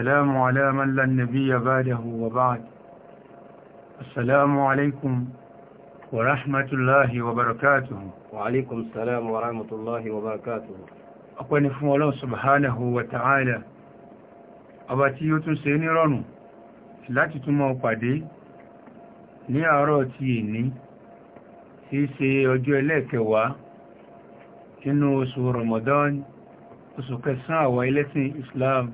السلام على من لا النبي بعده وبعد السلام عليكم ورحمة الله وبركاته وعليكم السلام ورحمة الله وبركاته أقول نفهم الله سبحانه وتعالى أباتي يتنسيني رانو láti tún mọ́ pàdé ní àárọ̀ tí èní tí í ṣe ọjọ́ ẹlẹ́ẹ̀kẹwàá nínú oṣù Ramadan oṣù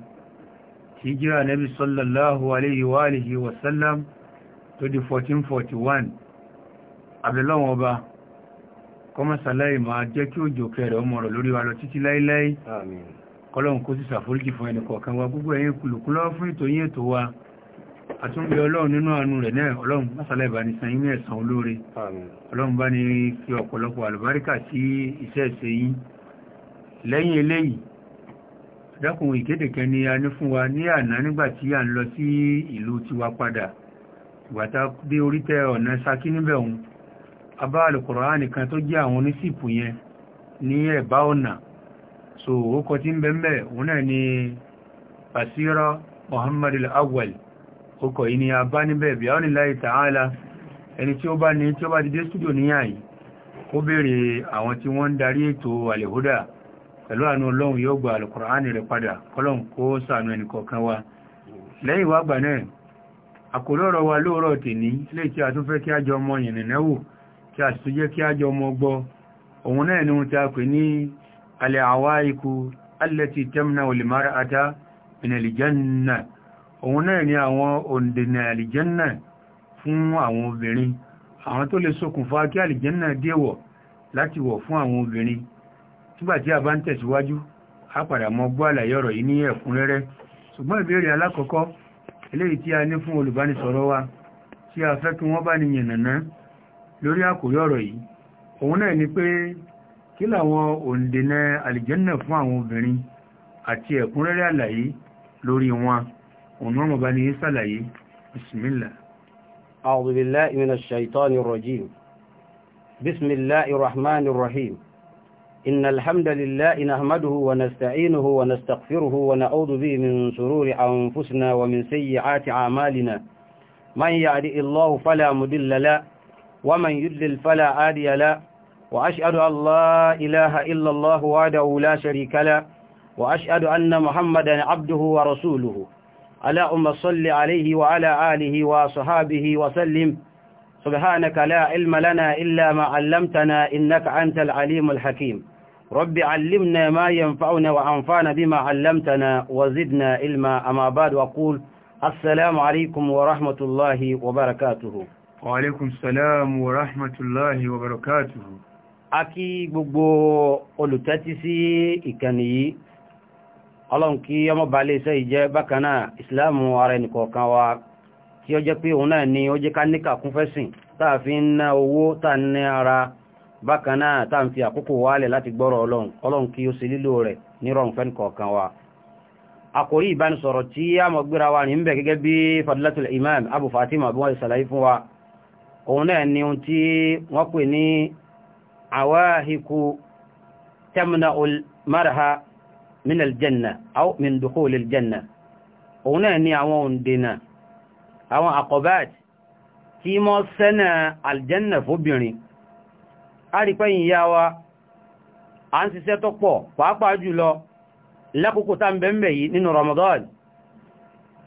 ìjírà nẹ́bí sallallahu alayhi wa alihi wa sallam tó di 1441 abdullahi ọba kọmọsàláì máa jẹ́ kí òjò kẹrẹ ọmọ rẹ̀ lórí wa lọ títí láíláí kọlọ́run kó sì sàforíjì fún ẹnì kọ̀ọ̀kan wa gbogbo ẹ̀yin kùlùkùlọ́ fún ètò yín ètò wa àtúnbí ọlọ́run nínú àánú rẹ̀ náà ọlọ́run mọ́sàlẹ̀ ìbá san inú ẹ̀san olóore ọlọ́run bá ní fi ọ̀pọ̀lọpọ̀ àlùbáríkà sí iṣẹ́ ìṣe lẹ́yìn eléyìí dákùn ìkéde kan ni a ní fún wa ní àná nígbàtí à ń lọ sí ìlú tiwa padà ìgbàtà dé orítẹ ọ̀nà Ṣakí níbẹ̀ òun abá alùkùránì kan tó jẹ́ àwọn onísìpù yẹn ní ẹ̀bá ọ̀nà so ó kọ tí ń bẹ mẹ́ òun náà ni Basira Muhammad al ó kọ̀ ni a bá níbẹ̀ bí àwọn ẹni tí ó ti yìí ó béèrè àwọn tí wọ́n ń darí ètò pẹ̀lú àánú ọlọ́run yóò gba alùkùránì rẹ̀ padà kọ́lọ̀n kó sànú ẹnìkọ̀ọ̀kan wa lẹ́yìn wá gbà náà àkòlọ́rọ̀ wa lóòrọ̀ tèní lè tí a tún fẹ́ kí a jọ mọ ìrìnlẹ́wò kí a tún jẹ́ kí a jọ gbọ́ òun náà ni wọ́n ta pè ní alẹ́ àwá ni àwọn òǹdènà àlìjánà fún àwọn obìnrin àwọn tó lè ṣokùnfà kí àlìjánà déwọ̀ láti nígbàtí a bá ń tẹ̀síwájú a padà mọ́ gbọ́ àlàyé ọ̀rọ̀ yìí ní ẹ̀kúnrẹ́rẹ́ ṣùgbọ́n ìbéèrè alákọ̀ọ́kọ́ eléyìí tí a ní fún olùbánisọ̀rọ̀ wa tí a fẹ́ kí wọ́n bá ní yànnàná lórí àkórí ọ̀rọ̀ yìí òun náà ni pé kí làwọn òǹdènà àlìjẹ́nà fún àwọn obìnrin àti ẹ̀kúnrẹ́rẹ́ àlàyé lórí wọn òun náà mọ̀ bá ní sàlàyé bismillah أعوذ بالله من الشيطان الرجيم بسم الله الرحمن الرحيم إن الحمد لله نحمده ونستعينه ونستغفره ونعوذ به من شرور أنفسنا ومن سيئات أعمالنا من يهدئ الله فلا مدل له ومن يدلل فلا هادي له وأشهد أن لا إله إلا الله وحده لا شريك له وأشهد أن محمدا عبده ورسوله ألا أم صل عليه وعلى آله وصحابه وسلم سبحانك لا علم لنا إلا ما علمتنا إنك أنت العليم الحكيم رب علمنا ما ينفعنا وأنفعنا بما علمتنا وزدنا علما أما بعد وأقول السلام عليكم ورحمة الله وبركاته وعليكم السلام ورحمة الله وبركاته Aki gbogbo olùtẹ́tí sí ìkànnì yìí, ọlọ́run kí ọmọ bá lè iṣẹ́ ìjẹ́ bákanáà ìsìláàmù ara ẹnìkọ̀ọ̀kan wa tí ó jẹ́ pé òun ni ó jẹ́ ká níkà kún fẹ́sìn, fi ń ná owó, táà ara bákan náà tá ń fi àkókò wálẹ̀ láti gbọ́rọ̀ ọlọ́run ọlọ́run kí ó ṣe lílò rẹ̀ nírọ̀rùn fẹ́ni kọ̀ọ̀kan wa àkórí ìbánisọ̀rọ̀ tí a mọ̀ gbéra wa ní ń bẹ̀ gẹ́gẹ́ bí fadilatul imam abu fatima bí wọ́n ti sàlàyé fún wa òun náà ni ohun tí wọ́n pè ní àwáhíkú tẹ́mùnà olmarha min aljanna aw min dukhul aljanna òun náà ni àwọn òǹdènà àwọn àkọ́báàt tí mọ́ sẹ́nà aljanna fóbìnrin àrípẹ́yìn ìyá wa a ń ṣiṣẹ́ tó pọ̀ pàápàá jùlọ lákòókò tá ń bẹ̀m̀bẹ̀ yìí nínú Ramadan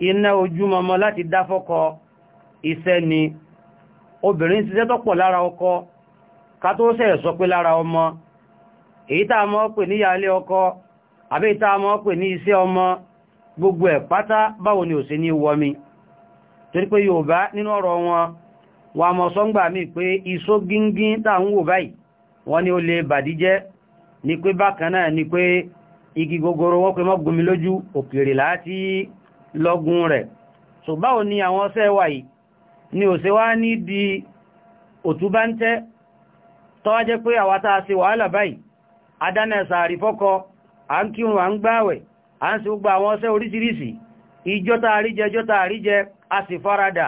iná ojúmọmọ láti iṣẹ́ ni obìnrin ṣiṣẹ́ tó pọ̀ lára ọkọ ká tó sẹ̀ sọ pé lára ọmọ èyí tá a pè ní ọkọ àbí pè ní iṣẹ́ ọmọ gbogbo ẹ̀ pátá báwo ni ní wọmi torí pé Yorùbá nínú ọ̀rọ̀ wọn wà mọ̀ sọ́ngbà mí pé iṣó gíngín táwọn wò báyìí wọ́n ní ó lè bàdíjẹ́ ni pé bákan náà ni pé igi gogoro wọ́n pé mọ́gun mi lójú òkèrè láti lọ́gun rẹ̀ so báwo ni àwọn ọsẹ́ wà yìí ni òṣè wá ní di òtúbá ń tẹ́ tọ́wá jẹ́ pé àwa tá a ṣe wàhálà báyìí adánẹ̀sà àrífọ́kọ à ń kírun à ń gbáwẹ̀ à ń ṣe gbogbo àwọn ọsẹ́ oríṣiríṣi ìjọ́ta àríjẹ ìjọ́ta àríjẹ a sì faradà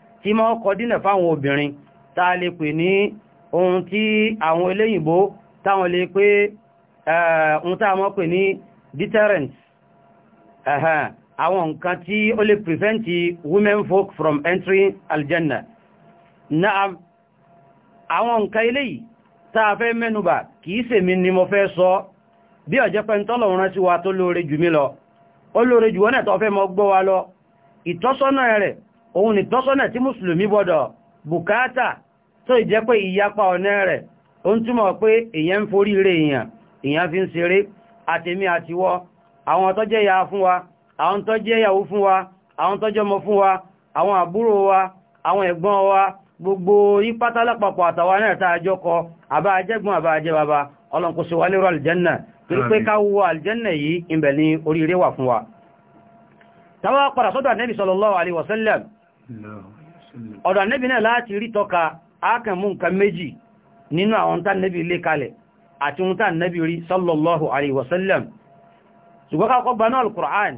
tí máa kọ dínà fáwọn obìnrin tá a lè pè ní ohun tí àwọn eléyìnbó táwọn lè pé ohun tá a mọ́ pè ní deterrence àwọn nǹkan tí ó lè prevent women folk from entering aljanna náà àwọn nǹkan eléyìí tá a fẹ́ mẹ́nubà kìí sèmi ni mo fẹ́ sọ bí ọ̀jẹ́ pẹ́ntọ́lọ̀ rán sí wa tó lóore jù mí lọ ó lóore jù wọ́n náà tó fẹ́ mọ́ gbọ́ wa lọ ìtọ́sọ́nà rẹ̀ òun ni tọ́sọ́nà tí mùsùlùmí gbọ́dọ̀ bùkátà tó ìjẹ́ pé ìyapa ọ̀nà rẹ̀ ó ń túmọ̀ pé èyàn ń forí rẹ̀ èyàn èyàn fi ń ṣeré àtèmi àtiwọ́ àwọn tó ya fún wa àwọn tó jẹ́ ìyàwó fún wa àwọn tó jẹ́ ọmọ fún wa àwọn àbúrò wa àwọn ẹ̀gbọ́n wa gbogbo ipátá lápapọ̀ àtàwọn náà tá a jọ sallallahu alaihi wasallam ọ̀dọ̀ ànẹ́bì náà láti rí tọ́ka ákàmù nǹkan méjì nínú àwọn tán nẹ́bì lé kalẹ̀ àti ohun tán nẹ́bì rí sallallahu alaihi wasallam ṣùgbọ́n kákọ́ gbaná al-Qur'an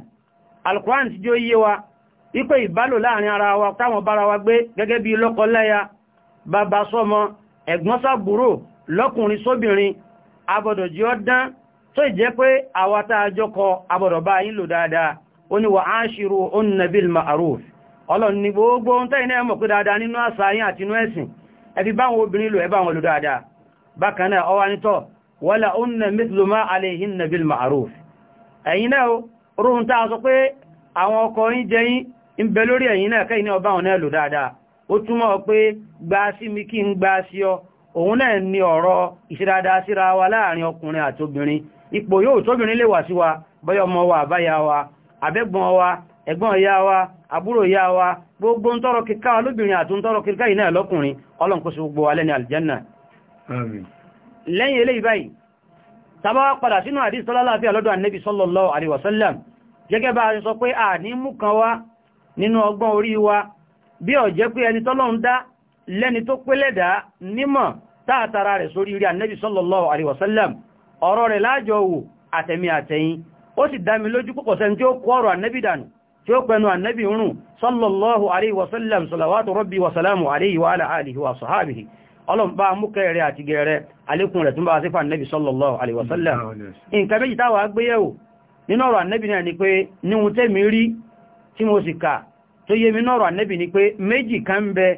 al-Qur'an ti jẹ́ yé wa ipé ìbálò láàrin ara wa táwọn bára wa gbé gẹ́gẹ́ bí lọ́kọ láya bàbá sọ́mọ ẹ̀gbọ́n sábúrò lọ́kùnrin sóbìnrin abọ̀dọ̀ jẹ́ ọdán tó ìjẹ́ pé àwátá àjọkọ abọ̀dọ̀ bá yín lò dáadáa ó ní wa ashiru ọlọ́run ni gbogbo ohun tẹ́yìn náà mọ̀ pé dáadáa nínú àṣà yín àti inú ẹ̀sìn ẹ fi báwọn obìnrin lò ẹ bá wọn lò dáadáa bákan náà ọwá nítọ́ wọ́lá oúnjẹ mẹ́tìlúmá aléhìn nàbíl ma'aruf ẹ̀yin náà rohun tàà sọ pé àwọn ọkọ yín jẹ yín ń bẹ lórí ẹ̀yin náà kẹ́yìn bọ́yọ̀ ọmọ wa àbáyá wa àbẹ́gbọ́n wa ẹ̀gbọ́n ìyá wa àbúrò ìyá wa gbogbo ń tọ́rọ kíká olóbìnrin àti ń tọ́rọ kíká ìná ẹ̀lọ́kùnrin ọlọ́nkóso gbogbo alẹ́ ní aljanna lẹ́yìn eléyìí báyìí tàbá padà sínú àdísì tọ́lálàáfíà lọ́dọ̀ sallallahu alaihi wasallam gẹ́gẹ́ bá sọ pé a ní mú kan wá nínú ọgbọ́n orí wa bí ó jẹ́ pé ẹni sallallahu alaihi wasallam ọ̀rọ̀ rẹ̀ láàjọ wò àtẹ̀mí àtẹ̀yìn ó sì dá mi lójú púpọ̀ sẹ́ni tí ó kọ́ ọ̀rọ̀ annabi tí ó pẹnu annabi rún sallallahu alaihi wasallam salawatu rabbi wasalamu alaihi wa ala alihi wa sahabihi ọlọ́n bá mú kẹrẹ àti gẹrẹ alékún rẹ̀ tún bá sífà annabi sallallahu alaihi wasallam nǹkan méjì táwà gbéyẹ̀wò nínú ọ̀rọ̀ annabi náà ni pé níhun tẹ́mi rí tí mo sì kà tó yé mi nọ́rọ̀ annabi ni pé méjì kan ń bẹ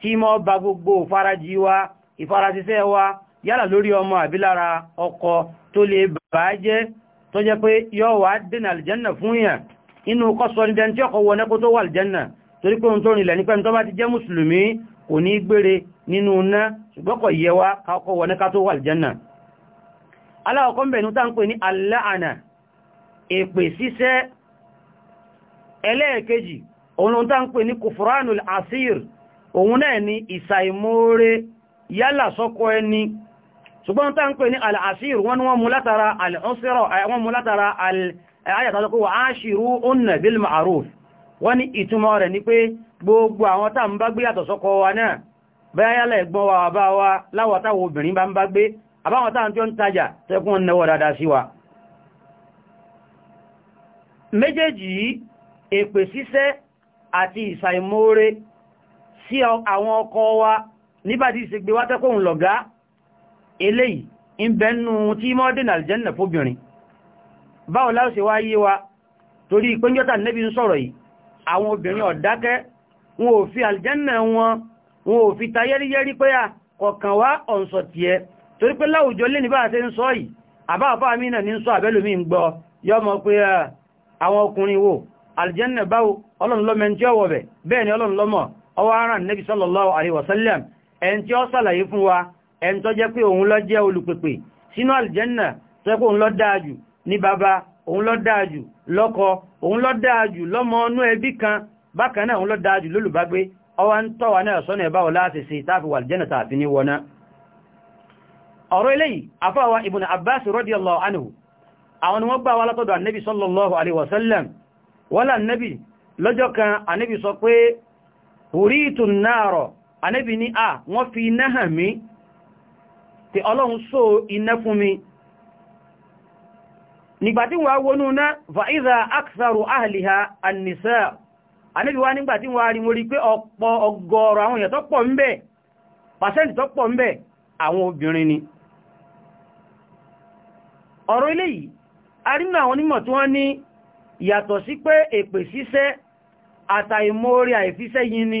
tí mọ́ ba gbogbo ìfarajì wa ìfarasíṣẹ́ wa yálà lórí ọmọ àbílára ọkọ tó lè bàá jẹ́ tó jẹ́ pé yọ́ wà dínà àlìjẹ́nà fún yàn inú kọ́sọ́ ní dẹni tí ọkọ̀ wọ nẹ́kó tó wà lìjẹ́nà torí pé ohun tó rìnlẹ̀ nípa ẹni tó bá ti jẹ́ mùsùlùmí kò ní gbére nínú iná ṣùgbọ́n kò yẹ wá kọ́kọ́ wọ nẹ́ká tó wà lìjẹ́nà aláwọ̀kọ́ mbẹ̀ níta ń pè ní aláàna èpè ṣíṣẹ́ ẹlẹ́ẹ̀kejì ohun tá ń pè ní ni ìsàìmóore yálà sọ́kọ ẹni ṣùgbọ́n tá ń pè ayàtà tó kó wà áṣìrú ọ̀nà bil ma'ruf wọ́n ní ìtumọ̀ rẹ̀ ní pé gbogbo àwọn tá ń bá gbé yàtọ̀ sọ́kọ wa náà bẹ́yàlẹ̀ ẹ̀gbọ́n wa bá wa láwọ̀táwọ̀ obìnrin bá ń bá gbé àbáwọn tá ń jọ ń tajà tẹ́kún náwọ̀ dáadáa sí wa méjèèjì èpè ṣíṣẹ́ àti ìsàìmóore sí àwọn ọkọ wa níbàtí ìsègbè wá lọ̀gá eléyìí ń bẹ́nu tí mọ́dínà aljanna fóbìnrin báwo láwọ́ ṣe wá yé wa torí ìpéjọ́ta nẹ́bí ń sọ̀rọ̀ yìí àwọn obìnrin ọ̀dákẹ́ wọn ò fi àlìjẹ́nà wọn wọn ò fi ta yẹ́ríyẹ́rí pé ah, ọ̀kàn wá ọ̀nsọ̀ tiẹ̀ torí pé láwùjọ lè níbà ṣe ń sọ yìí àbáàbá mi náà ní ń sọ àbẹ́lùmí ń gbọ́ yọmọ pé ah, àwọn ọkùnrin wo àlìjẹ́nà báwo ọlọ́run lọ́mọ ẹni bẹ́ẹ̀ ni ọlọ́run wasallam ẹni tí ó sàlàyé fún wa ẹni tó jẹ́ pé òun ní bàbá òun ló dáa jù lọ́kọ òun ló dáa jù lọ́mọ ọnú ẹbí kan bákan náà òun ló dáa jù lólùbágbé ọwá ń tọ́wà náà sọ́nà ẹ̀bá ọlá àti sí tàbí wà jẹ́nà tàbí ní wọná ọ̀rọ̀ eléyìí afáwa ibùn abbas radiyallahu anhu àwọn wọ́n gbà wá látọ̀dọ̀ annabi sallallahu alaihi wasallam wọ́lá annabi lọ́jọ́ kan annabi sọ pé huritu náàrọ̀ annabi nígbàtí wọ́n wọnú náà fa'íza aksaru ahliha annisa anábíwá nígbàtí wọ́n rí wọ́n rí pé ọ̀pọ̀ ọgọ́rọ̀ àwọn èèyàn tó pọ̀ ń bẹ pàṣẹ́ntì tó pọ̀ ń bẹ àwọn obìnrin ni ọ̀rọ̀ ilé yìí arínú àwọn onímọ̀ tí wọ́n ní yàtọ̀ sí pé èpè ṣíṣẹ́ àtàìmórí àìfíṣẹ́ yìí ni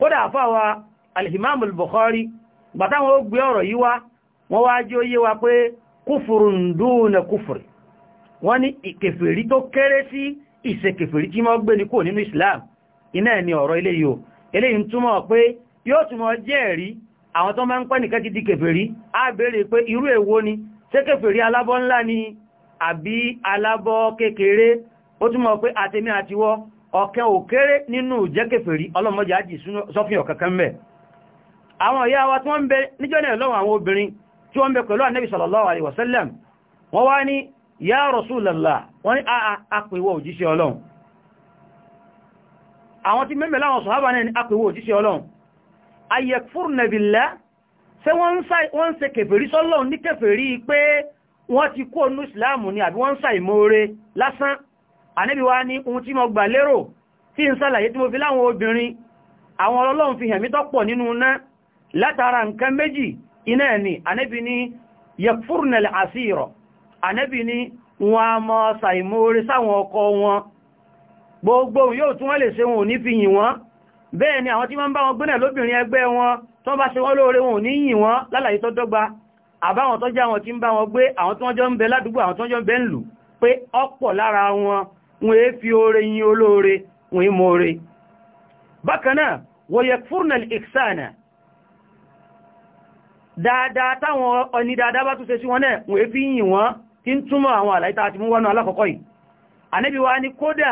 kódà àfáwà alìhìmáàmù Bukhari gbàtàwọn ó gbé ọ̀rọ̀ yìí wá wọ́n wá jí ó yé wa pé kúfùrù ń dúnà kúfùrù wọ́n ní ìkèfèrí tó kéré sí ìṣekèfèrí tí mọ́ gbé ní kò nínú Islam iná ẹni ọ̀rọ̀ ilé yìí eléyìí túmọ̀ pé yóò túmọ̀ jẹ́ àwọn tó máa ń pẹ́ nìkan ti di kèfèrí á béèrè pé irú èwo ni ṣé kèfèrí alábọ́ ńlá ni àbí alábọ́ kékeré ó túmọ̀ pé àtẹ̀mí àtiwọ́ ọ̀kẹ́ òkèrè nínú jẹ́kẹfẹ̀rí ọlọ́mọdé ajì sọ́fin ọ̀kẹ́kẹ́ mẹ́ àwọn ìyá wa tí wọ́n ń bẹ níjọ́ náà lọ́wọ́ àwọn obìnrin tí wọ́n bẹ pẹ̀lú ànẹ́bì sallallahu alaihi wasallam wọ́n wá ní ya Rasulullah wọ́n ní àpèwọ̀ òjíṣẹ́ ọlọ́run àwọn tí mẹ́mẹ́ láwọn sọ̀hábà náà ní àpèwọ̀ òjíṣẹ́ ọlọ́run ayẹ̀kfúrùnà billah ṣé wọ́n ń ṣe kèfèrí sọ́lọ́run ní kèfèrí pé wọ́n ti kó nú ànábì wá ní ohun tí mo gbà lérò tí ń sàlàyé tí mo fi láwọn obìnrin àwọn ọlọ́run fi hàn mí tọ́pọ̀ nínú iná látara nǹkan méjì iná ẹni ànábì ní yakfurnal asiro ànábì ní wọn a mọ́ sàìmóore sáwọn ọkọ wọn gbogbo yóò tún wọ́n lè ṣe wọn ò ní fi yìn wọ́n bẹ́ẹ̀ ni àwọn tí wọ́n bá wọn gbónà lóbìnrin ẹgbẹ́ wọn tó bá ṣe wọ́n lóore wọn ò ní yìn wọ́n lálàyé tó dọ́gba àbáwọn tó já wọn tí ń bá wọn gbé àwọn tí wọ́n jọ ń bẹ ládùúgbò àwọn tí wọ́n jọ ń bẹ ń lù pé ọ̀pọ̀ lára wọn wọ́n èé fi oore yìn olóore wọ́n èé mọ́re bákanáà wọ́n yẹ fúrnal ìsáànà dáadáa táwọn ọni dáadáa bá túnṣe sí wọn náà wọ́n èé fi yìn wọ́n tí ń túnmọ̀ àwọn àlàyé àti múwánú alákọ̀ọ́kọ́ yìí Ànábì wa ní kódà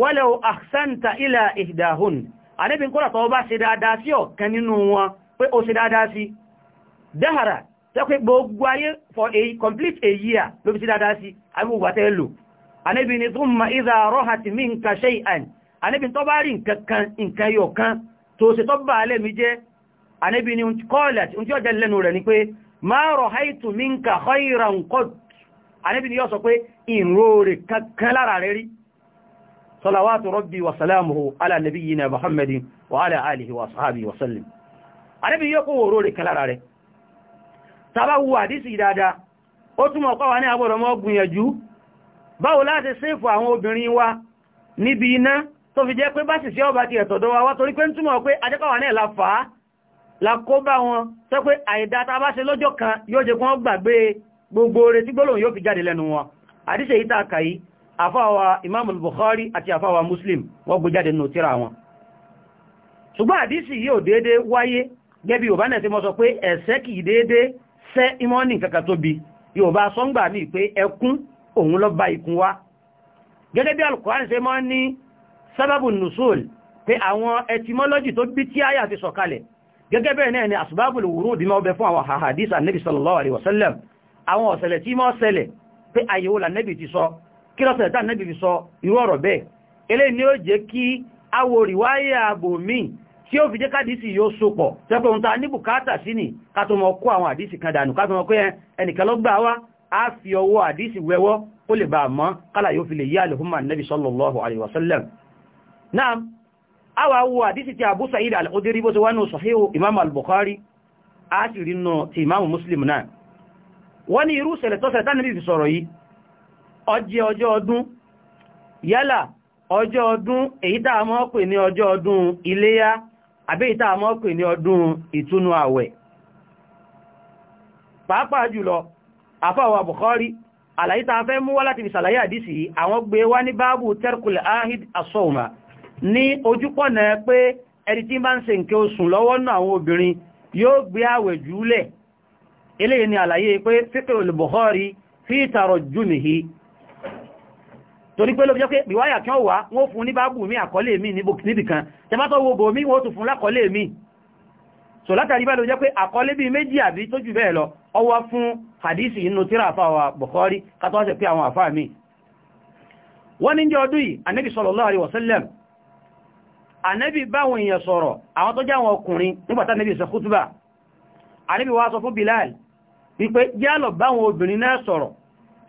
wọ́lẹ̀ àṣáǹtà ilẹ̀ ìdáhùn Ànábì kódà tó bá ṣe dáadáa sí ọ̀kan nínú wọn pé ó ṣe dáadáa sí dáhàrà tẹ́kẹ́ gbogbo ayé for a complete a year ló fi ṣe dáadáa sí agbègbè àtẹ́lò anábì ni thumma idha rahat minka shay'an anábì tó bá rí nǹkan yọ̀ kan tó ṣe tó bá alẹ́ mi jẹ́ anábì ni kọ́ọ̀lẹ̀t tí ó jẹ́ lẹ́nu rẹ̀ ni pé ma rahaytu minka khayran qad anábì ni yóò sọ pé ìrore kankan lára rẹ̀ rí salawatu rabbi wa salamuhu ala nabiyyina muhammadin wa ala alihi wa sahabi wa sallim anábì yóò kó òrore báwo láti sèfù àwọn obìnrin wa níbi iná tó fi jẹ́ pé bá ṣìṣẹ́ ọba ti ẹ̀tọ̀dọ̀ wa wá torí pé ń túnmọ̀ pé ajẹ́kọ̀wà náà la fà á la kó bá wọn tó pé àìdá ta bá ṣe lọ́jọ́ kan yóò jẹ́ kún gbàgbé gbogbo rẹ̀ tí gbólóhùn yóò fi jáde lẹ́nu wọn àdíṣe yìí tààkà yìí àfáwà Muslim wọ́n gbé jáde nínú tíra wọn ṣùgbọ́n àdíṣì yìí ò déédé wáyé gẹ́bí Yorùbá náà ti mọ́ sọ pé ẹ̀sẹ́ kìí déédé sẹ́ imọ́nì kankan òun lọ bá ikun wá gẹ́gẹ́ bí alukùránì ṣe máa ń ní sábàbù nùsùl pé àwọn etymology tó bí tí àyà ti sọ̀kalẹ̀ gẹ́gẹ́ bẹ́ẹ̀ náà ni asbabul wurud máa bẹ fún àwọn ahadith annabi sallallahu wasallam àwọn ọ̀sẹ̀lẹ̀ tí máa ṣẹlẹ̀ pé àyẹ̀wò lànẹ́bì ti sọ kí lọ́sẹ̀lẹ̀ tá nẹ́bì fi sọ awo rìwáyà àbò míì tí ó fi jẹ́ ni ká tó mọ kó àwọn àdìsì kan dànù ká tó mọ a fi ọwọ́ àdísì wẹwọ́ kó lè bá mọ́ kálà yóò fi lè yí àlùfúnmà nẹ́bí sallallahu alaihi náà a wà wo àdísì ti bó ti imam al a sì rí nù ti imam Muslim náà wọ́n ní irú tánàbí fi sọ̀rọ̀ yìí ọjẹ́ ọjọ́ ọdún yálà ọjọ́ ọdún èyí tá a mọ̀ pè ní ọjọ́ ọdún iléyá àbí èyí tá a pè ní ọdún ìtúnu àwẹ̀ pàápàá àfáwà Bukhari àlàyé ta fẹ́ mú wá láti fi sàlàyé àdísì àwọn gbé wá ní báàbù terkul ahid asoma ní ojúpọ̀nà pé ẹni tí bá ń ṣe nke oṣù lọ́wọ́ náà àwọn obìnrin yóò gbé àwẹ̀ jùlẹ̀ ni àlàyé pé fíkìrì Bukhari fi tààrọ̀ jùmìhì torí pé ló jẹ́ pé ìwáyà kí wọ́n wá wọ́n fún ní báàbù mi àkọlé mi níbìkan tẹbátọ́ wo bò mí wọ́n tún fún lákọlé mi so látàrí bá ló jẹ́ pé àkọlé bí méjì àbí tó jù bẹ́ẹ̀ lọ ọwọ́ fún hadisi inú tíra àfáwà Bukhari kátọ́wàṣẹ̀ pé àwọn àfáà mi wọ́n ní jẹ́ ọdún yìí anẹ́bì sallallahu alaihi wasallam anẹ́bì báwọn èèyàn sọ̀rọ̀ àwọn tó jáwọn ọkùnrin nígbàtà anẹ́bì sọ kútùbà anẹ́bì wá sọ fún Bilal wípé jálọ báwọn obìnrin náà sọ̀rọ̀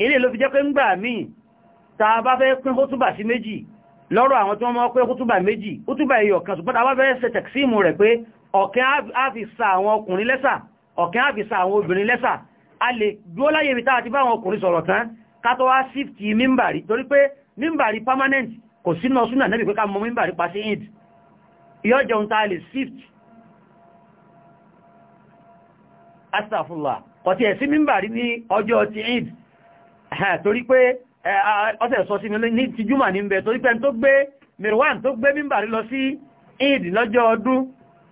ilé ló fi jẹ́ pé ń gbà míì ta bá fẹ́ pín kútùbà sí méjì lọ́rọ̀ àwọn tí wọ́n mọ́ pé kútùbà méjì kútùbà èyọ kan ṣùgbọ́n ta bá fẹ́ ṣe tẹ̀kísímù rẹ̀ pé ọ̀kẹ́ á àwọn ọkùnrin lẹ́sà ọ̀kẹ́ á àwọn obìnrin lẹ́sà a lè dúó láyé ibi táà ti ọkùnrin sọ̀rọ̀ tán ká wá sífìtì mímbàrí torí pé mímbàrí permanent kò sínú súnà nẹ́bì pé ká mọ mímbàrí pa sí id yọ́ jẹun a lè sífìtì astagfullah kọ̀tí ẹ̀sí mímbàrí ní ọjọ́ ti id torí pé sọ mi ti júmà ní torí pé tó gbé mirwan tó gbé mímbàrí lọ sí lọ́jọ́ ọdún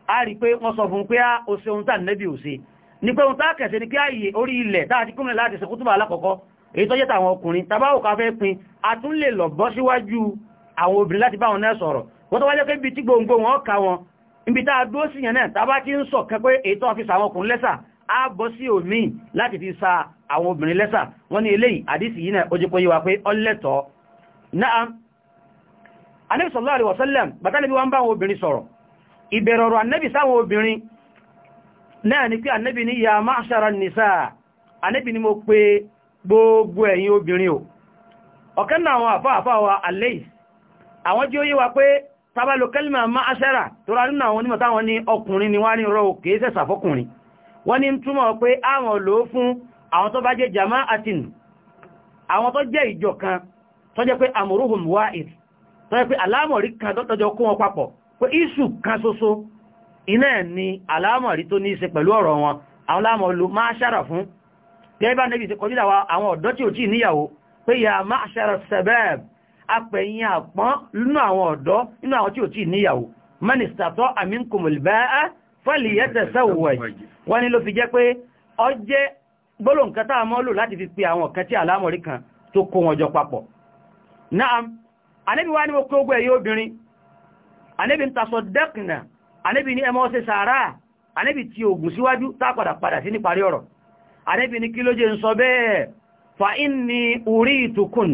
a rí pé wọ́n sọ ní pé ohun tá kẹsẹ̀ ní kí ààyè orí ilẹ̀ dáadí kúmìnà láti ṣe kútùbà alákọ̀ọ́kọ́ èyí tó jẹ́ta àwọn ọkùnrin tàbáwò ká fẹ́ pin a tún lè lọ bọ́ síwájú àwọn obìnrin láti bá wọn náà sọ̀rọ̀ wọ́n tó wájẹ́ pé ibi tí gbogbo wọn ka wọn sa àwọn obìnrin lẹ́sà wọ́n ní eléyìí àdísì yìí náà ó jẹ́ kó yé wa pé ọlẹ́tọ̀ náà anábì sallallahu alaihi wasallam bàtà níbi wọn bá àwọn náà ni pé annabi ni ya ma'ashara nisa annabi ni mo pè gbogbo ẹ̀yin obìnrin o ọ̀kan náà àwọn àfáàfá wa alẹ́ àwọn jí ó yé pé tabalo kalima ma'ashara tó rá nínú àwọn onímọ̀tá wọn ni ọkùnrin ni wá ní rọ òkè sẹ́sà fọ́kùnrin wọ́n ní túmọ̀ pé àwọn lò ó fún àwọn tó bá jẹ́ jama'atin àwọn tó jẹ́ ìjọ kan tó jẹ́ pé amuruhum wa'id tó jẹ́ pé alámọ̀rí kan tó tọ́jọ kó wọn papọ̀ pé iṣu kan ṣoṣo iná ẹ̀ ni aláàmọ̀rí tó ní í ṣe pẹ̀lú ọ̀rọ̀ wọn àwọn láàmọ̀ lu máa ṣára fún gẹ́gẹ́ bá nẹ́bí ti kọjú àwọn àwọn ọ̀dọ́ tí ò tí níyàwó pé ya máa ṣára sẹ́bẹ̀ẹ́b apẹ̀yìn àpọ́n nínú àwọn ọ̀dọ́ nínú àwọn tí ò tí níyàwó mẹ́nìsàtọ́ àmínkùnmùlbẹ́ẹ́ fọ́lìyẹ́tẹ̀ sẹ́wọ̀ẹ̀ ni ló fi jẹ́ pé ọjẹ́ gbólóǹkan tá a mọ́ lò láti fi pe àwọn kan tí àlámọ̀rí kan tó kó wọn jọ papọ̀ náà anẹ́bí wá ní mo kó gbẹ̀ yóò obìnrin anẹ́bí anẹ́bì ní ẹmọ́ ṣe sàárà anẹ́bì tí ogun síwájú tápàdà padà sí níparí ọ̀rọ̀ anẹ́bì ní kí ló jẹ́ ń sọ bẹ́ẹ̀ fa inni orí ìtukùn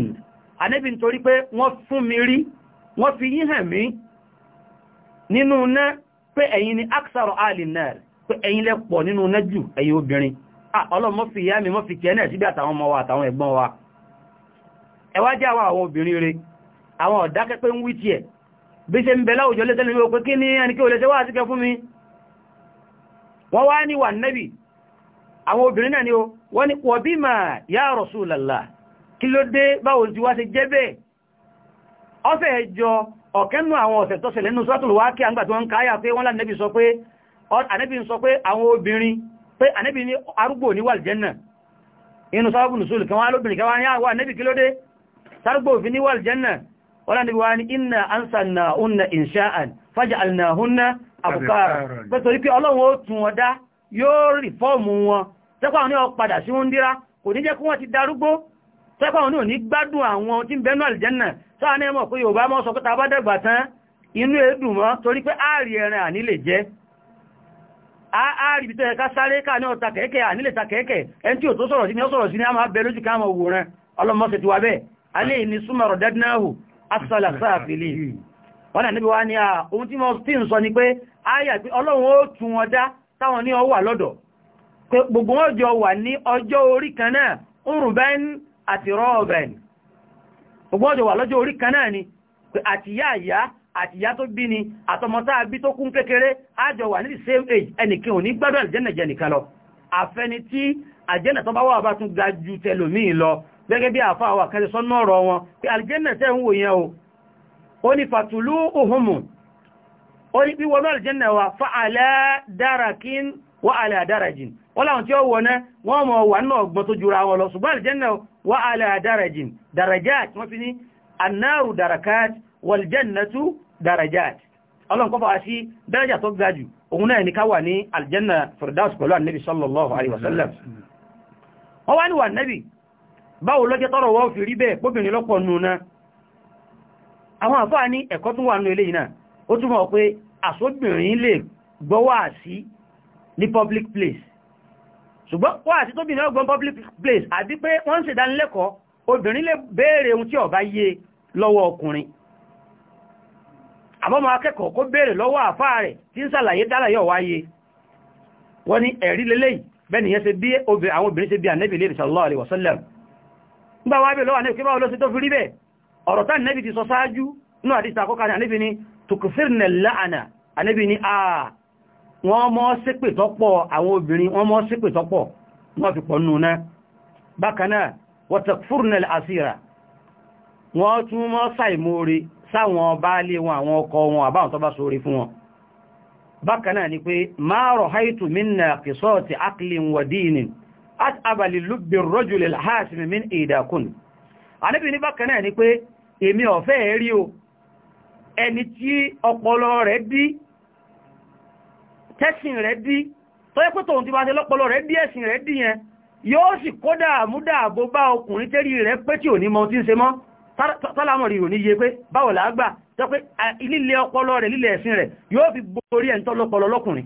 anẹ́bì nítorí pé wọ́n fún mi rí wọ́n fi yí hàn mí nínú iná pé ẹ̀yin ni aksaro alinar pé ẹ̀yin lẹ pọ̀ nínú iná jù ẹ̀yin obìnrin ah, ọlọ́mọ fi ìyá mi mọ́ fi kẹ́ wa àtàwọn ẹ̀gbọ́n wa ẹwà jẹ́ àwọn bí ṣe ń bẹ̀lá òjò lẹ́sẹ̀ ní òpin kí ní ẹni kí o lè ṣe wá àti fún mi wọ́n wá ní wà nẹ́bì àwọn obìnrin náà ni ó wọ́n ni pọ̀ bí mà yá Rasulullah kí ló dé báwo ti wá ṣe jẹ́ bẹ́ẹ̀ ọfẹ́ ẹjọ ọ̀kẹ́nu àwọn ọ̀sẹ̀ tó ṣẹlẹ̀ nínú Suratul Waqi'a àǹgbà tí wọ́n ń káyà pé wọ́n lánẹ́bì sọ pé ànẹ́bì ń sọ pé àwọn obìnrin pé ànẹ́bì ní arúgbò ní wàlìjẹ́nà inú sábàbùnù sólù kí wọ́n á kí wọ́n á ní àwọn kí ló dé sárúgbò òfin ní wàlìjẹ́nà wọ́n ni wọ́n ni iná ansànà òunà inṣáàn fájàlnà òunà hunna pẹ́ torí pé ọlọ́run ó tún wọn dá yóò rí fọ́ọ̀mù wọn tẹ́kọ̀ àwọn ní ọpadà sí wọ́n dírá kò ní jẹ́ kí wọ́n ti darúgbó tẹ́kọ̀ àwọn ní ò ní gbádùn àwọn tí ń bẹnu àlìjẹ́nà sáà sọ pé ta bá dẹ̀gbà tán tí asọ́làsáàfilì wọ́n náà níbi wá ní àà ohun tí mo tí ń sọ ni pé ayà pé ọlọ́run ó tún wọn dá táwọn ní ọwà lọ́dọ̀ pé gbogbo wọn jọ wà ní ọjọ́ orí kan náà urban àti rọ́ọ̀bẹ̀n gbogbo wọn jọ wà lọ́jọ́ orí kan náà ni pé àtìyá àyá àtìyá tó bí ni àtọmọtá àbí tó kún kékeré àjọ wà ní the same age ẹnìkan ò ní gbádùn àjẹ́nà jẹ nìkan lọ àfẹni tí àjẹ́nà tó bá gẹ́gẹ́ bí àfá àwà kan sọ náà rọ wọn pé aljanna tẹ́ ń wò yẹn o ó ní fàtùlú òhùnmù ó ní wíwọ́n náà aljanna wa fa aládàrakín wa aládàrajìn wọ́n láwọn tí ó wọ́n náà wọ́n mọ̀ wà náà gbọ́n tó jura wọn lọ ṣùgbọ́n aljanna wa aládàrajìn darajat wọ́n fi ní annáru darakat waljannatu darajat tó jù báwo lọ́jẹ́ tọ́rọ wọ́n fi rí bẹ́ẹ̀ póbìnrin lọ́pọ̀ nùna àwọn àfáà ní ẹ̀kọ́ tún wà nù eléyìí náà ó túnmọ̀ pé àsóbìnrin lè gbọ́ wáàsí ní public place ṣùgbọ́n wáàsí tóbìnrin ọgbọ́n public place àti pé wọ́n ń ṣèdánilẹ́kọ̀ọ́ obìnrin lè béèrè ohun tí ó bá yé lọ́wọ́ ọkùnrin àbọ́mọ akẹ́kọ̀ọ́ kó béèrè lọ́wọ́ àfáà rẹ̀ tí ń sàlàyé dálàyọ̀ wáyé wọ́n ní ẹ̀rí lélẹ́yìí bẹ́ẹ̀ sallallahu alaihi nígbà wábẹ̀ lọ́wà ní ìkébà olóṣe tó fi rí bẹ́ẹ̀ ọ̀rọ̀ tán nẹ́bì ti sọ sáájú ní àdísà àkọ́kà ní àníbì ni tukufir nẹ láàánà àníbì ni a wọ́n mọ́ sípè tọ́pọ̀ àwọn obìnrin wọ́n mọ́ sípè tọ́pọ̀ wọ́n fi pọ̀ nùnà bákanáà wọ́n takfur at'aba li lubbi ar-rajul al-hasim min idakun Ànábì ní bákan náà ni pé èmi ò fẹ́ rí o ẹni tí ọpọlọ rẹ̀ dí tẹ́sìn rẹ̀ dí tó yẹ pé tòun ti bá ṣe lọ́pọlọ rẹ̀ dí ẹ̀sìn rẹ̀ dí yẹn yóò sì kó dààmú dààbò bá ọkùnrin tẹ́rí rẹ̀ pé tí ò ní mọ tí ń ṣe mọ́ tọ́lámọ̀ rí ò ní yé pé báwo làá gbà pé líle ọpọlọ rẹ̀ líle ẹ̀sìn rẹ̀ yóò fi borí ẹ̀ńtọ́ lọ́pọlọ lọ́kùnrin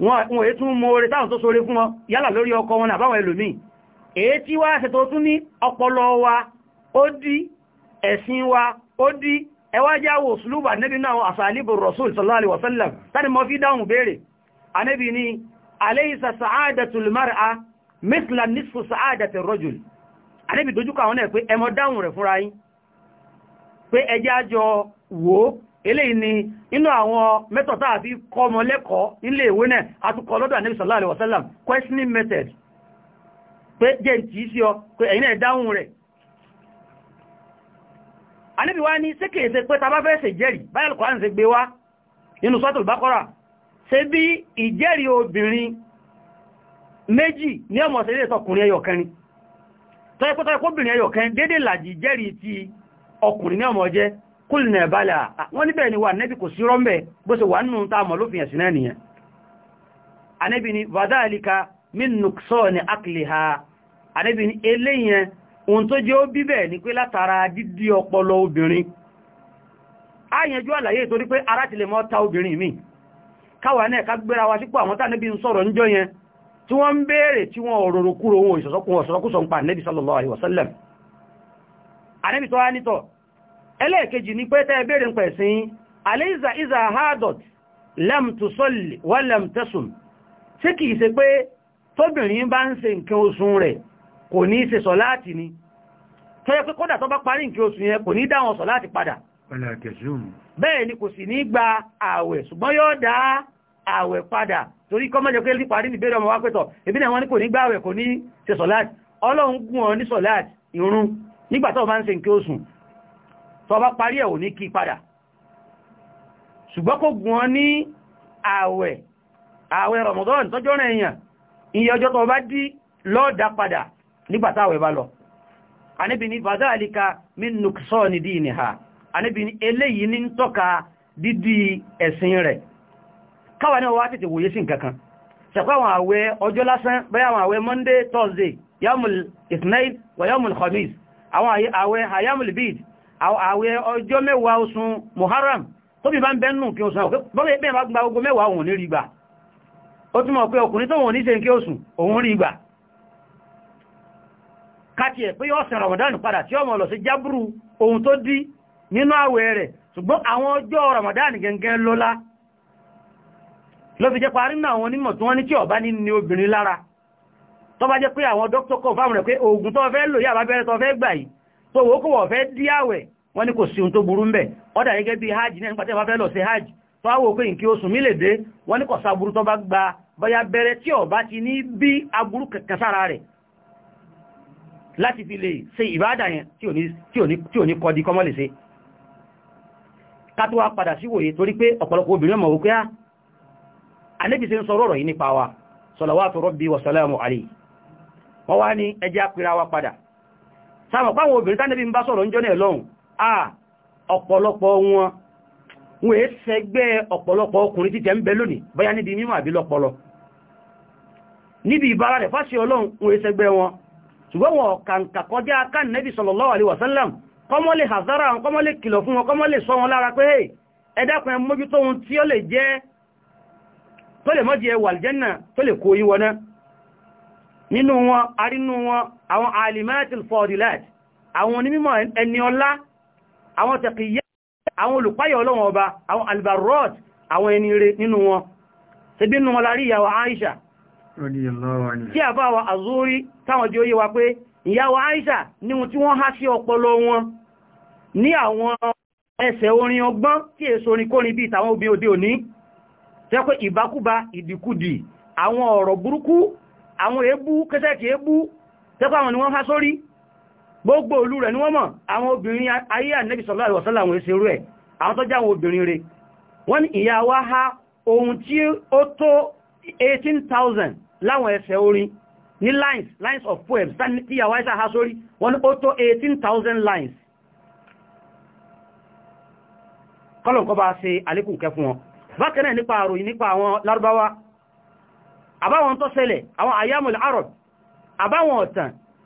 wọn èé tún mọ orí táwọn tó sóre fún wọn yálà lórí ọkọ wọn àbáwọn ẹlòmí èé tí wá ṣe tó tún ní ọpọlọ wa ó dí ẹ̀sìn wa ó dí ẹwájáwò sùlúbà níbi náà àsàlìbò rasul sallallahu alaihi wasallam tani mọ́ fi dáhùn béèrè anẹ́bì ni alaysa sa'adatul mar'a mithla nisfu sa'adatir rajul anẹ́bì dojúkọ àwọn náà pé ẹmọ dáhùn rẹ̀ fúnra yín pé eléyìí ni inú àwọn mẹ́tọ̀tà àti kọmọ lẹ́kọ̀ọ́ nílé ìwé náà àtúkọ̀ lọ́dọ̀ Ànábì sallallahu alaihi questioning method pé jẹ́ tí í sí ọ pé ẹ̀yin náà dáhùn rẹ̀ Ànábì wá ní sékèèsé pé ta bá fẹ́ ṣe jẹ́rì báyìí Al-Qur'an ṣe gbé wá nínú Suratul Baqara ṣe bí ìjẹ́rì obìnrin méjì ní ọmọ ṣe lè tọkùnrin kúlìnà ẹ̀bálà wọ́n níbẹ̀ ni wà nẹ́bí kò sí rọ́mbẹ̀ bó ṣe wà nínú tá mọ̀ lófin ẹ̀sìn náà nìyẹn anẹ́bí ni vazalika minnukso ni akliha anẹ́bí ni eléyẹn ohun tó jẹ́ ó bíbẹ̀ ni pé látara dídí ọpọlọ obìnrin a ara ti lè mọ́ ta wa sípò àwọn na ẹlẹ́ẹ̀kejì ní pé tẹ́ bèèrè ń pẹ̀sìn aléìzà ìzà hadot lamtusọ́lì wà lamtẹ́sùn tí kìí ṣe pé tóbìnrin bá ń ṣe nǹkan oṣù rẹ̀ kò ní ṣe sọ láti ni tó yẹ pé kódà tó bá parí nǹkan oṣù yẹn kò ní dáwọn sọ láti padà bẹ́ẹ̀ ni kò sì ní gba ààwẹ̀ ṣùgbọ́n yóò dá ààwẹ̀ padà torí kọ́ mọ́jọ pé parí ní ìbéèrè ọmọ wá pẹ́tọ̀ ebi náà wọ́n ní kò ní bá ń ṣe nǹkan oṣù tó bá parí ẹ̀ ò ní kí padà ṣùgbọ́n kò gùn ọ ní ààwẹ̀ ààwẹ̀ Ramadan tọ́jọ́ rẹ̀ èèyàn iye ọjọ́ tó bá dí lọ́ọ̀dá padà nígbàtàwẹ̀ bá lọ Ànábì ní fadhalika min nuqsani diniha Ànábì ní eléyìí ní tọ́ka dídí ẹ̀sìn rẹ̀ káwà ní àwọn àwẹ̀ Monday Thursday yamul Ithnain wa yamul Khamis àwọn àwẹ̀ àwẹ̀ ọjọ́ mẹ́wàá oṣù Muharram tó bí bá ń bẹ́nù kí oṣù bọ́bẹ̀ pẹ́ bá gba ogun mẹ́wàá òun ní rígbà ó túnmọ̀ pé ọkùnrin tó wọ́n ní ṣe ń kí oṣù òun rígbà káti ẹ̀ pé ọ̀sẹ̀ Ramadan padà tí ọmọ lọ sí jábúrú ohun tó dí nínú àwẹ̀ rẹ̀ ṣùgbọ́n àwọn ọjọ́ Ramadan gẹ́gẹ́ lọ́lá ló fi jẹ́ parí náà àwọn onímọ̀ tí wọ́n ní tí ọ̀bá ní ní obìnrin lára tó bá jẹ́ pé àwọn dókítà kọ̀ fáwọn rẹ̀ pé oògùn tó fẹ́ lò yà tó fẹ́ gbà yìí tó wókòwò fẹ́ dí àwẹ̀ wọ́n ní kò sí ohun tó burú ń bẹ̀ ọ́dà gẹ́gẹ́ bí hajj náà nípa tí wọ́n fẹ́ lọ sí hajj tó wáwò pé nǹkí oṣù mi lè dé wọ́n ní kò sí aburú tó bá gba bọ́yá bẹ̀rẹ̀ tí ó bá ti ní bí aburú kankan sára rẹ̀ láti fi lè ṣe ìbáàdà yẹn tí ò ní kọ́ di kọ́mọ́ ṣe ká tó wá padà sí wòye torí pé ọ̀pọ̀lọpọ̀ obìnrin à ọ̀pọ̀lọpọ̀ wọn wọ́n è sẹgbẹ́ ọ̀pọ̀lọpọ̀ ọkùnrin títẹ̀ ń bẹ lónìí báyá níbi mímọ̀ àbí lọ́pọlọ níbi ìbára rẹ̀ fáṣẹ ọlọ́run wọ́n è sẹgbẹ́ wọn ṣùgbọ́n wọn kàǹkà kọjá kan wọn kọmọ́lẹ̀ wọn àwọn alimatil fadilat àwọn onímọ̀ ẹni ọlá àwọn tẹ̀kìyà àwọn olùpáyà ọlọ́wọ̀n ọba àwọn albarot àwọn ẹni rẹ̀ nínú wọn ṣebí nínú wọn lárí ìyàwó Aisha tí a bá wa azúrí táwọn jẹ́ oyé wa pé ìyàwó Aisha níhun tí wọ́n há sí ọpọlọ wọn ní àwọn ẹsẹ̀ orin ọgbọ́n tí èso orin kórin bí ìtàwọn obìnrin òde òní tẹ́ pé ìbákúba ìdìkudì àwọn ọ̀rọ̀ burúkú àwọn èébú kẹsẹ̀kì èébú tẹ́ àwọn ni wọ́n há sórí gbogbo olú rẹ̀ ní wọ́n mọ̀ àwọn obìnrin ayé ànẹ́bì sọ̀lá ìwọ̀sọ́lá àwọn èsì rú ẹ̀ àwọn tọ́já àwọn obìnrin rẹ̀ wọ́n ní ìyá wá há ohun tí ó tó 18,000 láwọn ẹsẹ̀ orin ní lines lines of poems tí ìyá wá ìsà há sórí wọ́n ní ó tó 18,000 lines kọ́lọ̀kọ́ bá ṣe àlékún kẹ fún wọn bákan náà nípa àròyìn nípa àwọn lárúbáwá àbáwọn tó ṣẹlẹ̀ àwọn àyámùl arab àbáwọn ọ̀tàn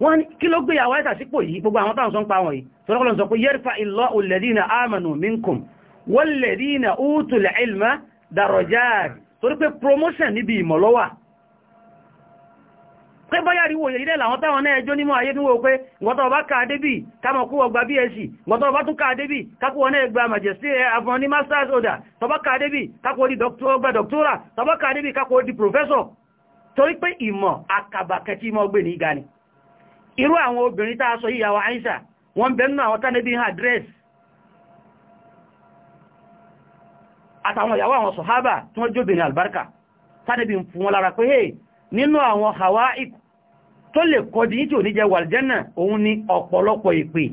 wọ́n ní kí ló gbéyàwó àìsà sípò yìí gbogbo àwọn táwọn sọ ń pa wọn yìí tọ́lọ́kọ́lọ́ sọ pé yẹ́rìfà ìlọ́ olèdínà àmànù minkum wọ́lèdínà útùlẹ̀ ilmá dàrọ̀jáàrì torí pé promotion níbi ìmọ̀lọ́wà pé bọ́yá rí wòye ilẹ̀ làwọn táwọn náà ẹjọ́ nímọ̀ ayé níwò pé ìgbọ́tọ̀ ọba ká débì kámọ̀ kú ọgbà bsc ìgbọ́tọ̀ ọba tún ká débì kápò wọn náà gba majesty afọn eh, ní masters order tọba ká débì kápò di ọgbà doctora tọba ká débì kápò di professor torí pé ìmọ̀ akàbàkẹ́ tí mọ́ gbé ní ìgani irú àwọn obìnrin tá a sọ ìyàwó Aisha wọ́n bẹ̀ nínú àwọn tánẹ́bí ha dress àtàwọn ìyàwó àwọn sọ̀hábà tí wọ́n jóbìnrin albarka tánẹ́bí fún wọn lára pé hey hawa tó lè kọjú tí ò ní jẹ wàlìjẹ́nà òun ni ọ̀pọ̀lọpọ̀ ìpè